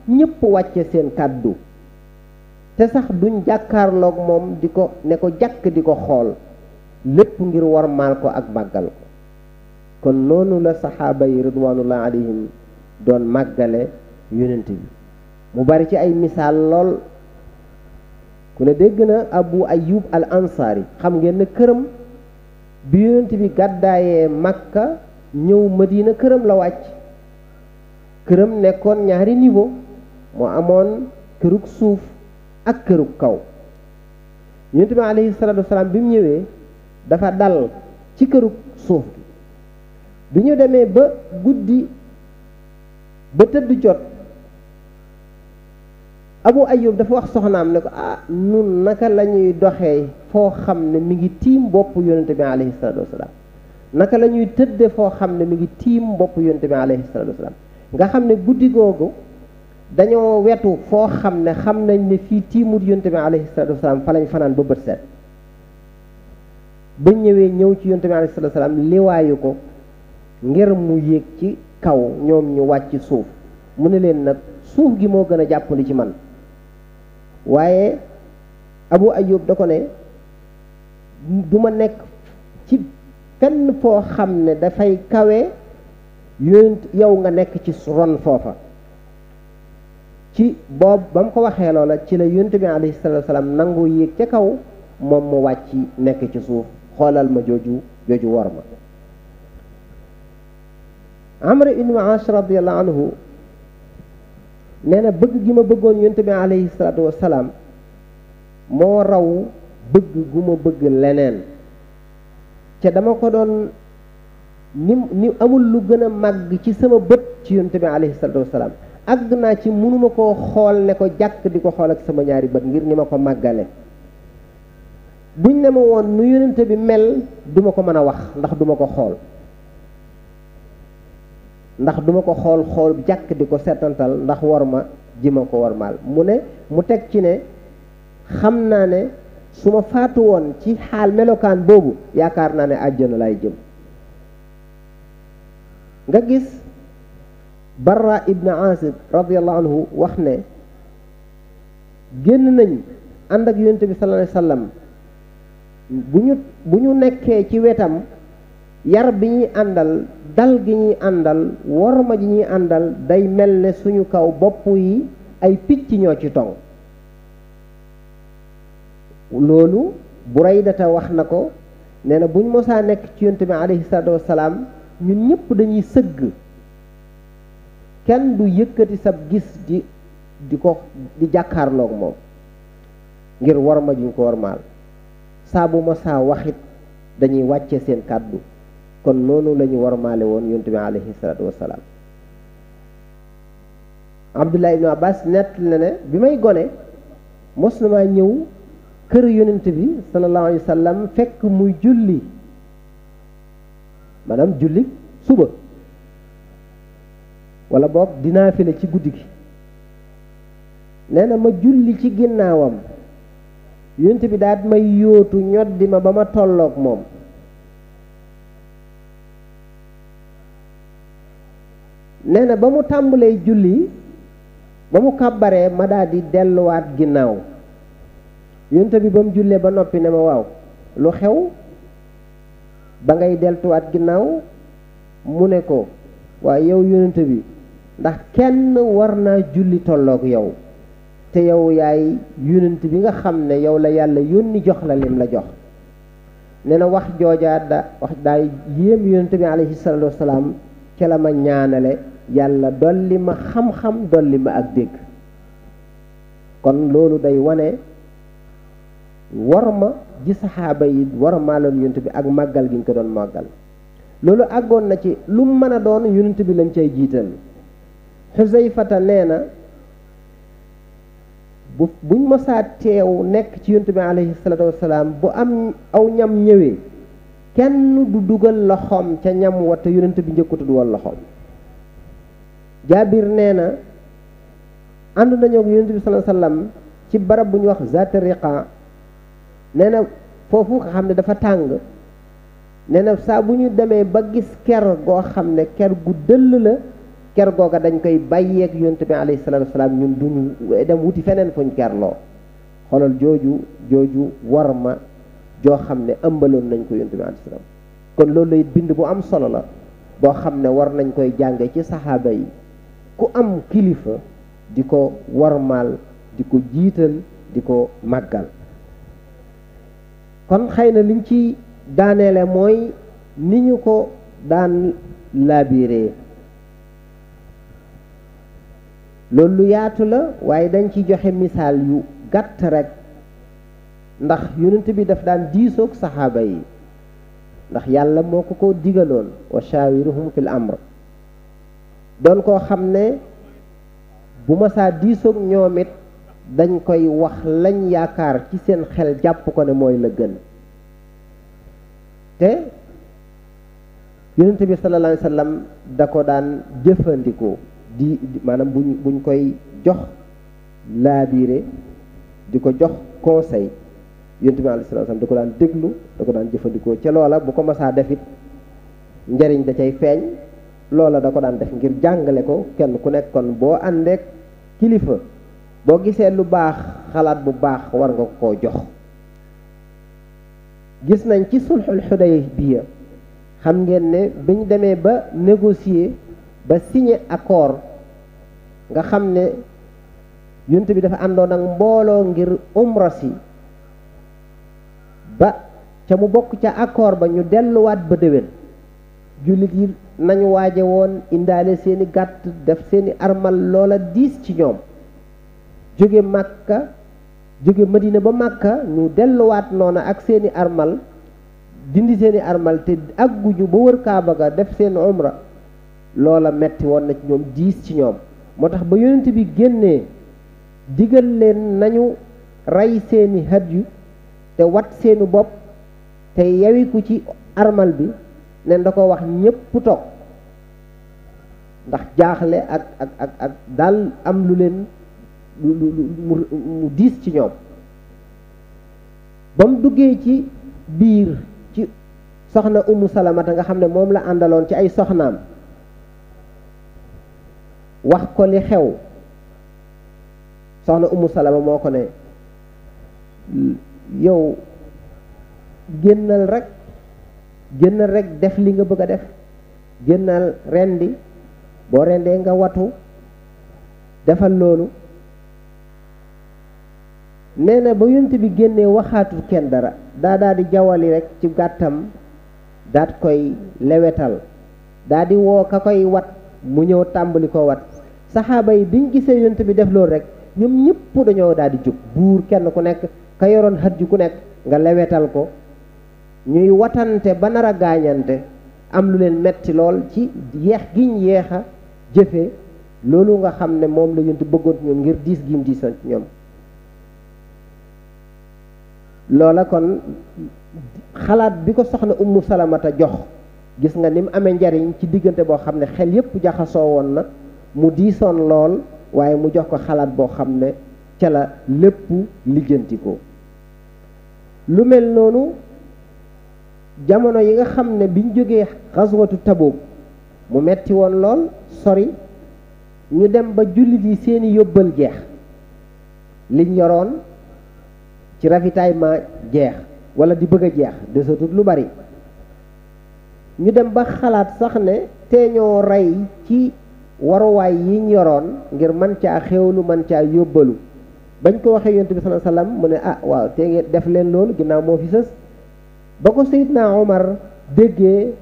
ñépp wàcce seen kàddu te sax duñ jàkkaarloog moom di ko ne ko jàkk di ko xool lépp ngir warmaal ko ak màggal kon noonu la saxaaba yi ridwanullah alayhim doon màggale yonent bi mu bari ci ay misaal lool ku ne dégg na abu ayub al ansaari xam ngeen ne këram bi yonent bi gàddaayee Makka ñëw Madina këram la wàcc këram nekkoon ñaari niveau moo amoon kërug suuf ak kërug kaw yonent bi alayhi bi mu ñëwee dafa dal ci kërug suuf bi bi ñu demee ba guddi ba tëdd jot abu ayub dafa wax soxnaam ne ko ah nun naka lañuy ñuy doxee foo xam ne mi ngi tiim bopp yonente bi alayhi salatu wasalaam naka la ñuy tëdde foo xam ne mi ngi tiim bopp yonente bi alayhi salatu wasalaam nga xam ne guddi googu dañoo wetu foo xam ne xam nañ ne fii tiimut yonente bi alayhi salatu wasalaam fa lañ fanaan ba bët set ba ñëwee ñëw ci yonente bi alayhi salatu wasalaam liwaayu ko ngir mu yéeg ci kaw ñoom ñu wàcc suuf mu ne leen nag suuf gi moo gën a jàppandi ci man waaye abu ayub da ko ne du ma nekk ci fenn foo xam ne dafay kawe yonent yow nga nekk ci ron foofa ci boob ba mu ko waxee loola ci la yonent bi alayhi salaatu salaam nangu yéeg ca kaw moom mu wàcc nekk ci suuf xoolal ma jooju jooju wor ma amr ibn Aas radiyallahu anhu nee na bëgg gi ma bëggoon yonent bi alayhi salaatu wasalaam moo raw bëgg gu ma bëgg leneen ca dama ko doon ni ni amul lu gën a màgg ci sama bët ci yonent bi alayhi salaatu wasalaam àgg naa ci mënuma koo xool ne ko jàkk di ko xool ak sama ñaari bët ngir ni ma ko màggale buñ ne ma woon nu yonent bi mel duma ko mën a wax ndax duma ko xool ndax duma ko xool xool jàkk di ko seetantal ndax war ma ji ma ko warmaal mu ne mu teg ci ne xam naa ne su ma faatu woon ci xaal melokaan boobu yaakaar naa ne àjjana lay jëm nga gis Barra ibn Azib radiyallahu anhu wax ne génn nañ ànd ak yonent bi sallallahu alayhi wasallam bu ñu bu ñu nekkee ci wetam yar bi ñuy àndal dal gi ñuy àndal worma ji ñuy àndal day mel ne suñu kaw bopp yi ay picc ñoo ci toŋ loolu Buraydata wax na ko nee na buñ mosaa nekk ci yonte bi alayhi salaatu wasalaam ñun ñëpp dañuy sëgg kenn du yëkkati sab gis di di ko di jàkkaarloog moom ngir warma juñ ko warmaal saa bu mosaa waxit dañuy wàcce seen kàddu kon noonu la ñu warmaale woon yontu bi alayhi salaatu wasalaam abdullah ibnu abbas nett na ne bi may gone mos na ñëw kër yonent bi sallallahu alayhi wa fekk muy julli maanaam julli suba wala boog dinaa fi la ci guddi gi nee na ma julli ci ginnaawam yonent bi daat may yootu ñoddi ma ba ma tolloog moom nee na ba mu tàmbalee julli ba mu kàbbaree ma daal di delluwaat ginnaaw yonte bi ba mu jullee ba noppi ne ma waaw lu xew ba ngay deltuwaat ginnaaw mu ne ko waaye yow yonente bi ndax kenn war naa julli tolloog yow te yow yaay yonent bi nga xam ne yow la yàlla yónni jox la la jox nee na wax jooja da wax daay yéem yonente bi alayhi salatu wasalaam ca la ñaanale yàlla dolli ma xam-xam dolli ma ak dégg kon loolu day wone war ma ji saxaaba yi war maaloon yunt bi ak màggal gi ñu ko doon màggal loolu àggoon na ci lu mën a doon yunt bi lañ cay jiital xuseyfata nee na bu buñ mosaa teew nekk ci yunt bi alayhi salaatu wasalaam bu am aw ñam ñëwee kenn du dugal loxoom ca ñam wa te yonent bi njëkkutu dugal loxoom jaabir nee na ànd nañoo ak yonent bi sallallahu alayhi ci barab bu ñu wax zaata riqa nee na foofu nga xam ne dafa tàng nee na saa bu ñu demee ba gis ker goo xam ne ker gu dëll la ker googa dañ koy bàyyeeg yonent bi alayhi salaatu wasalaam ñun duñu dem wuti feneen fuñ kerloo xoolal jooju jooju war ma joo xam ne ëmbaloon nañ ko yonent bi alayhi salaam kon loolu it bind bu am solo la boo xam ne war nañ koy jànge ci saxaaba yi ku am kilifa di ko warmaal di ko jiital di ko màggal kon xëy na liñ ci daaneele mooy ni ñu ko daan labiré loolu lu yaatu la waaye dañ ci joxe misaal yu gàtt rekk ndax yonent bi daf daan diisoog saxaaba yi ndax yàlla moo ko ko digaloon wa shaawiruhum fil amr doon koo xam ne bu ma saa diisoog ñoom it dañ koy wax lañ yaakaar ci seen xel jàpp ko ne mooy la gën te yonent bi sallallahu da ko daan jëfandikoo di maanaam buñ buñ koy jox laabiire di ko jox conseil yonent bi alayhi salaam da ko daan déglu da ko daan jëfandikoo ca loola bu ko masaa defit njariñ da cay feeñ loola da ko daan def ngir jàngale ko kenn ku nekkoon boo àndeek kilifa boo gisee lu baax xalaat bu baax war nga ko jox gis nañ ci sulxul Xudaybiya xam ngeen ne bi demee ba négocier ba signer accord nga xam ne yonent bi dafa àndoon ak mbooloo ngir umra ba ca mu bokk ca akkoor ba ñu delluwaat ba déwén jullit yi nañu waaje woon indaale seeni gàtt def seeni armal loola diis ci ñoom jóge màkka jóge madina ba màkka ñu delluwaat noona ak seeni armal dindi seeni armal te agguñu ba wër kaaba ga def seen umra loola metti woon na ci ñoom diis ci ñoom moo tax ba yonent bi génnee digal leen nañu rey seeni had yu te wat seenu bopp te yewiku ci armal bi nen da ko wax ñépp toog ndax jaaxle ak ak ak daal am lu leen lu lu mu diis ci ñoom bam duggee ci biir ci soxna umu salamata nga xam ne moom la àndaloon ci ay soxnaam wax ko li xew soxna umu salama moo ko ne yow génnal rekk génnal rekk def li nga bëgg a def génnal rendi boo rendee nga watu defal loolu nee na ba yonent bi génnee waxaatul kenn dara daa daa di jawali rek ci gàttam daat koy lewetal daa di woo ka koy wat mu ñëw tàmbali ko wat saxaaba yi biñ gisee yonent bi def loolu rek ñoom ñëpp dañoo daal di jóg buur kenn ku nekk ka yoroon xat ku nekk nga lewetal ko ñuy watante ba nar a gaañante am lu leen metti lool ci yeex gi yeex a jëfee loolu nga xam ne moom la yontu bëggoon ñoom ngir diis gi diisoon ci ñoom loola kon xalaat bi ko soxna ummu salamata jox gis nga ni mu amee njariñ ci diggante boo xam ne xel yépp jaxasoo woon na mu diisoon lool waaye mu jox ko xalaat boo xam ne ca la lépp ko lu mel noonu jamono yi nga xam ne biñ jógee xaswatu Tabuk mu metti woon lool sori ñu dem ba jullit yi seeni yóbbal jeex liñ yoroon ci ravitaillement jeex wala di bëgg a jeex desatut lu bari ñu dem ba xalaat sax ne teeñoo ñoo rey ci waruwaay yiñ yoroon ngir man caa xewlu man caa yóbbalu bañ ko waxee yonent bi sallallahu alayhi mu ne ah waaw te ngeen def leen loolu ginnaaw moo fi sës ba ko Seydina Omar déggee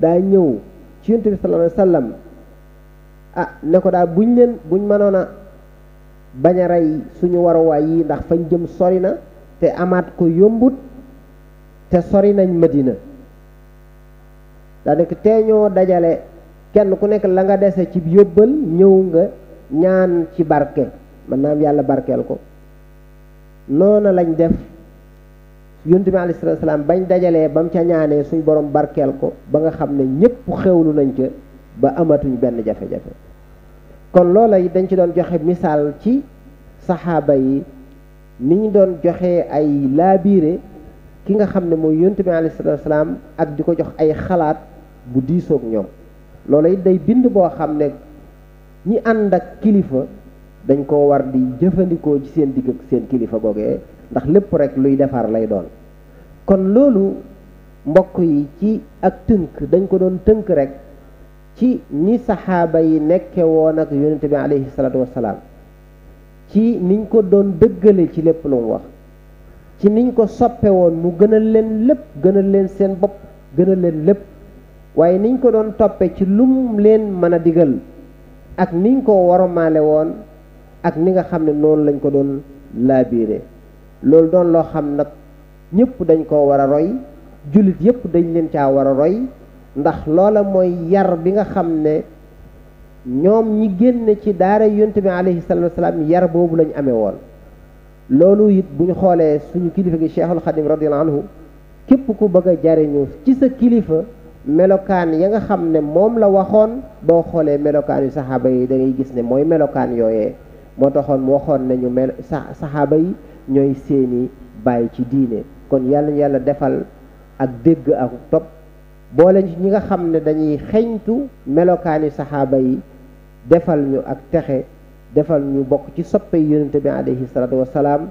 daa ñëw ci yonent bi sallallahu alayhi ah ne ko daal buñ leen buñ mënoon a bañ a rey suñu waruwaay yi ndax fañ jëm sori na te amaat ko yombut te sori nañ Madina daanaka tee ñoo dajale kenn ku nekk la nga dese ci yóbbal ñëw nga ñaan ci barke man naa am yàlla barkeel ko noona lañ def yonent bi alayhi salaatu bañ dajalee ba mu ca ñaanee suñ borom barkeel ko ba nga xam ne ñëpp xewlu nañ ca ba amatuñ benn jafe-jafe kon loola yi dañ ci doon joxe misaal ci saxaaba yi ni ñu doon joxe ay laabiire ki nga xam ne mooy yonent bi alayhi salaatu salaam ak di ko jox ay xalaat bu diisoog ñoom loola it day bind boo xam ne ñi ànd ak kilifa dañ koo war di jëfandikoo ci seen digg ak seen kilifa googee ndax lépp rek luy defar lay doon kon loolu mbokk yi ci ak tënk dañ ko doon tënk rekk ci ni saxaaba yi nekke woon ak yonente bi alayhi wassalaam ci niñ ko doon dëggale ci lépp lu mu wax ci niñ ko soppe woon mu gënal leen lépp gënal leen seen bopp gënal leen lépp waaye niñ ko doon toppe ci lum leen mën a digal ak niñ ko waromaale woon ak ni nga xam ne noonu lañ ko doon laabiire loolu doon loo xam nag ñëpp dañ koo war a roy jullit yëpp dañ leen caa war a roy ndax loola mooy yar bi nga xam ne ñoom ñi génn ci daara yonte bi alayhi salaatu wasalaam yar boobu lañ ame woon loolu it bu ñu xoolee suñu kilifa gi cheikhul xadim radiyallahu anhu képp ku bëgg a jariñu ci sa kilifa melokaan ya nga xam ne moom la waxoon boo xoolee melokaan yu saxaaba yi dangay gis ne mooy melokaan yooyee moo taxoon mu waxoon nañu mel sa saxaaba yi ñooy seeni bàyyi ci diine kon yàlla yàlla defal ak dégg ak topp boole ñi nga xam ne dañuy xeñtu melokaani saxaaba yi defal ñu ak texe defal ñu bokk ci soppe yonente bi alayhi salaatu wasalaam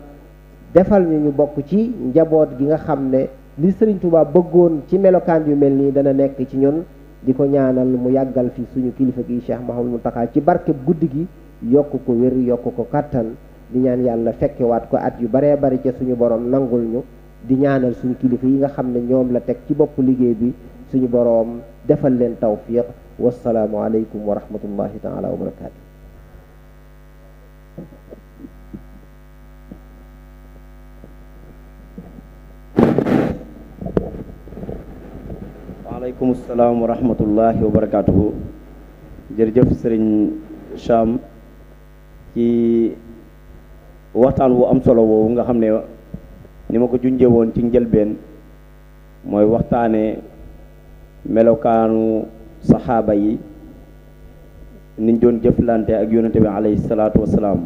defal ñu ñu bokk ci njaboot gi nga xam ne li Sëriñ tubaab bëggoon ci melokaan yu mel nii dana nekk ci ñun di ko ñaanal mu yàggal fi suñu kilifa gi Cheikh mu Mountakha ci barkeb guddi gi yokk ko wér yokk ko kàttan di ñaan yàlla fekkewaat ko at yu bare bari ca suñu boroom nangul ñu di ñaanal suñu kilifa yi nga xam ne ñoom la teg ci bopp liggéey bi suñu boroom defal leen tawfiq wassalaamu wa rahmatullahi taala wa barakaatu waaleykum salaam wa rahmatullahi wa barakaatuhu jërëjëf sëriñ Cham ci waxtaan wu am solo woowu nga xam ne ni ma ko junjee woon ci njëlbeen mooy waxtaane melokaanu saxaaba yi niñ doon jëflante ak yonante bi alayhi salaatu wasalaam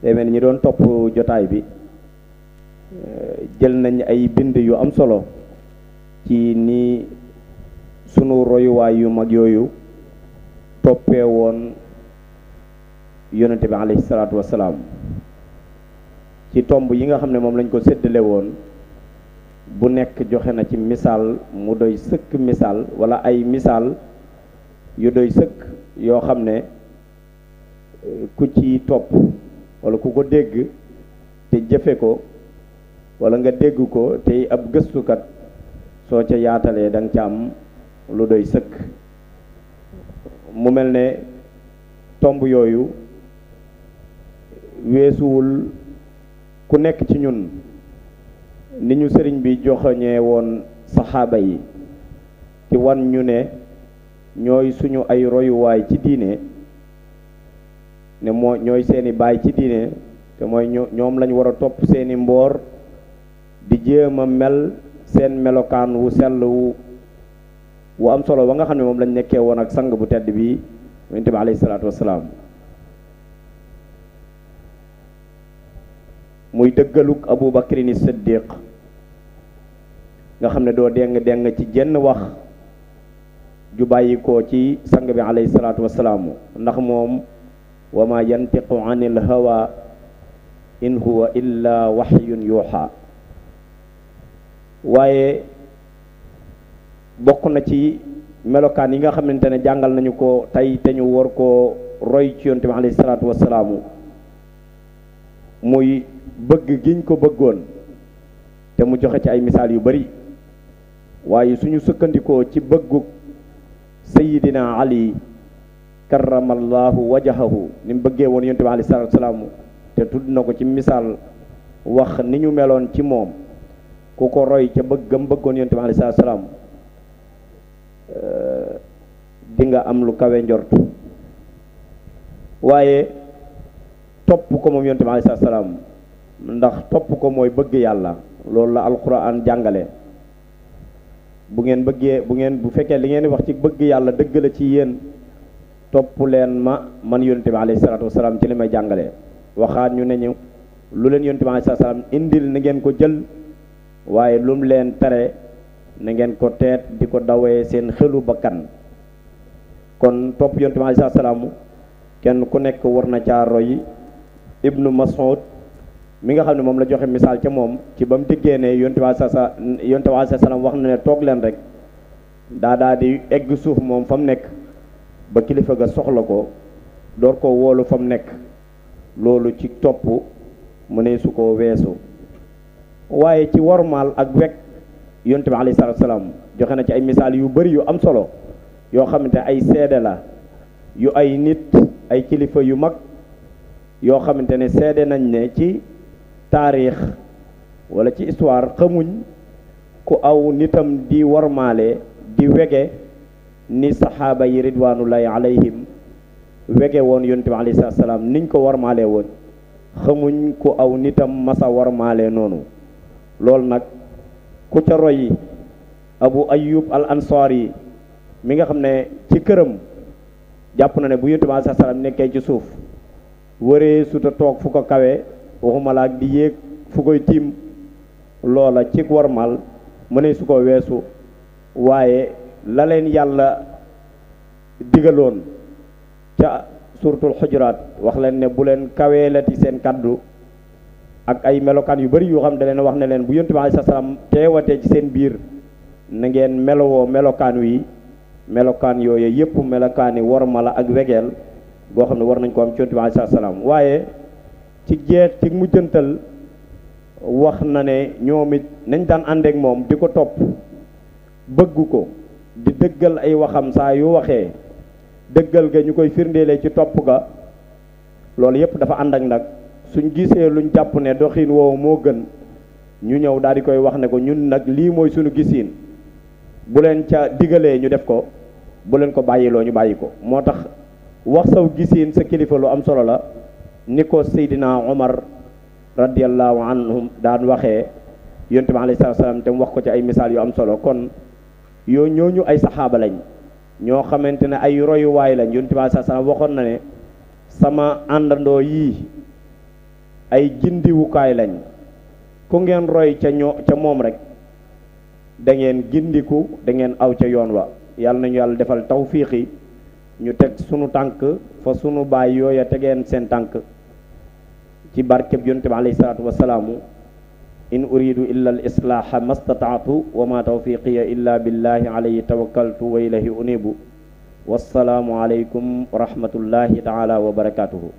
day ni ñi doon topp jotaay bi jël nañ ay bind yu am solo ci ni sunu royuwaay yu mag yooyu toppee yonente bi alayhi salaatu wasalaam ci tomb yi nga xam ne moom lañ ko séddale woon bu nekk joxe na ci misaal mu doy sëkk misaal wala ay misaal yu doy sëkk yoo xam ne ku ci topp wala ku ko dégg te jëfe ko wala nga dégg ko tey ab gëstukat soo ca yaatalee danga nga ca am lu doy sëkk mu mel ne tomb yooyu weesuwul ku nekk ci ñun ni ñu sëriñ bi joxoñee woon saxaaba yi ci wan ñu ne ñooy suñu ay royuwaay ci diine ne moo ñooy seeni baay ci diine te mooy ñoom lañ war a topp seeni mboor di jéem a mel seen melokaan wu sell wu wu am solo ba nga xam ne moom lañ nekkee woon ak sang bu tedd bi yonent bi alayhi salaatu wassalaam muy dëggaluk aboubacrin siddiq nga xam ne doo deng deng ci jenn wax ju bàyyi ko ci sang bi alayhi salaatu wasalaamu ndax moom wa ma yantiqu anil hawa in huwa illa waxyun yuuxa waaye bokk na ci melokaan yi nga xamante ne jàngal nañu ko tey te ñu war koo roy ci yonte bi alayhi salaatu wasalaamu muy bëgg giñ ko bëggoon te mu joxe ci ay misaal yu bari waaye suñu sukkandikoo ci bëggug sayidina ali karamallahu wajahahu ni bëggee woon yonent bi aleyhi salaatu salaam te tudd na ko ci misaal wax ni ñu meloon ci moom ku ko roy ca bëggam bëggoon yonent bi aleyhi salaatu salaam euh, di nga am lu kawe njort waaye topp ko moom yonent bi aleyhi salaam ndax topp ko mooy bëgg yàlla loolu la alquran jàngale bu ngeen bëggee bu ngeen bu fekkee li ngeen di wax ci bëgg yàlla dëgg la ci yéen topp leen ma man yonente bi alayhi salaatu wasalaam ci li may jàngale waxaat ñu ne ñu lu leen yonente bi alayhi salaatu indil na ngeen ko jël waaye lum leen tere na ngeen ko teet di ko dawee seen xelu bakkan kon topp yonente bi alayhi salaatu kenn ku nekk war na caa roy ibnu Mas'ud mi nga xam ne moom la joxe misaal ca moom ci ba mu diggee ne yonte waa sa sa salaam wax na ne toog leen rek daa daa di egg suuf moom fa mu nekk ba kilifa ga soxla ko door koo woolu fa mu nekk loolu ci topp mu ne su ko weesu waaye ci wormaal ak wekk yonte bi alayhi salaam joxe na ci ay misaal yu bari yu am solo yoo xamante ay seede la yu ay nit ay kilifa yu mag yoo xamante ne seede nañ ne ci taarix walla ci histoire xamuñ ku aw nitam di warmaale di wege ni saxaaba yi lay alayhim wege woon yonent bi salaam niñ ko warmaale woon xamuñ ku aw nitam masa warmaale noonu loolu nag ku ca roy abu ayyub al ansaar yi mi nga xam ne ci këram jàpp na ne bu yonent bi alayhi salaam nekkee ci suuf wëree suta toog fu ko kawe waxuma la ak di yéeg fu koy tiim loola ci warmal mu ne su ko weesu waaye la leen yàlla digaloon ca suratul xujuraat wax leen ne bu leen kaweelati seen kàddu ak ay melokaan yu bari yoo xam ne da wax na leen bu yonent bi sa salaam teewatee ci seen biir na ngeen melowoo melokaan wi melokaan yooyu yëpp melokaani warmala ak wegeel goo xam ne war nañ ko am ci yonent bi alayhi salaam waaye ci jeex ci mujjantal wax na ne ñoom it nañ daan ànd moom di ko topp bëgg ko di dëggal ay waxam saa yu waxee dëggal ga ñu koy firndeelee ci topp ga loolu yépp dafa ànd ak nag suñ gisee luñ jàpp ne doxin woowu moo gën ñu ñëw daal di koy wax ne ko ñun nag lii mooy suñu gisiin bu leen ca digalee ñu def ko bu leen ko bàyyiloo ñu bàyyi ko moo tax wax saw gisiin sa kilifa lu am solo la ni ko Seydina Omar radiallahu anhum daan waxee yonent bi alayhi salaam te mu wax ko ci ay misaal yu am solo kon yoo ñooñu ay saxaaba lañ ñoo xamante ne ay royuwaay lañ yonent bi alayhi salaam waxoon na ne sama àndandoo yii ay gindiwukaay lañ ku ngeen roy ca ñoo ca moom rek dangeen ngeen gindiku da aw ca yoon wa yàlla nañu yàlla defal tawfiixi ñu teg suñu tànk fa sunu baay yooya te ngeen seen tànk ci barkeb yonte bi alayhi salaatu wasalaamu in uridu illa al islaaha mastataatu wa ma tawfiqiya illa billahi alayhi tawakkaltu wa ilayhi unibu wassalaamu aleykum wa rahmatullahi taala wa barakatuhu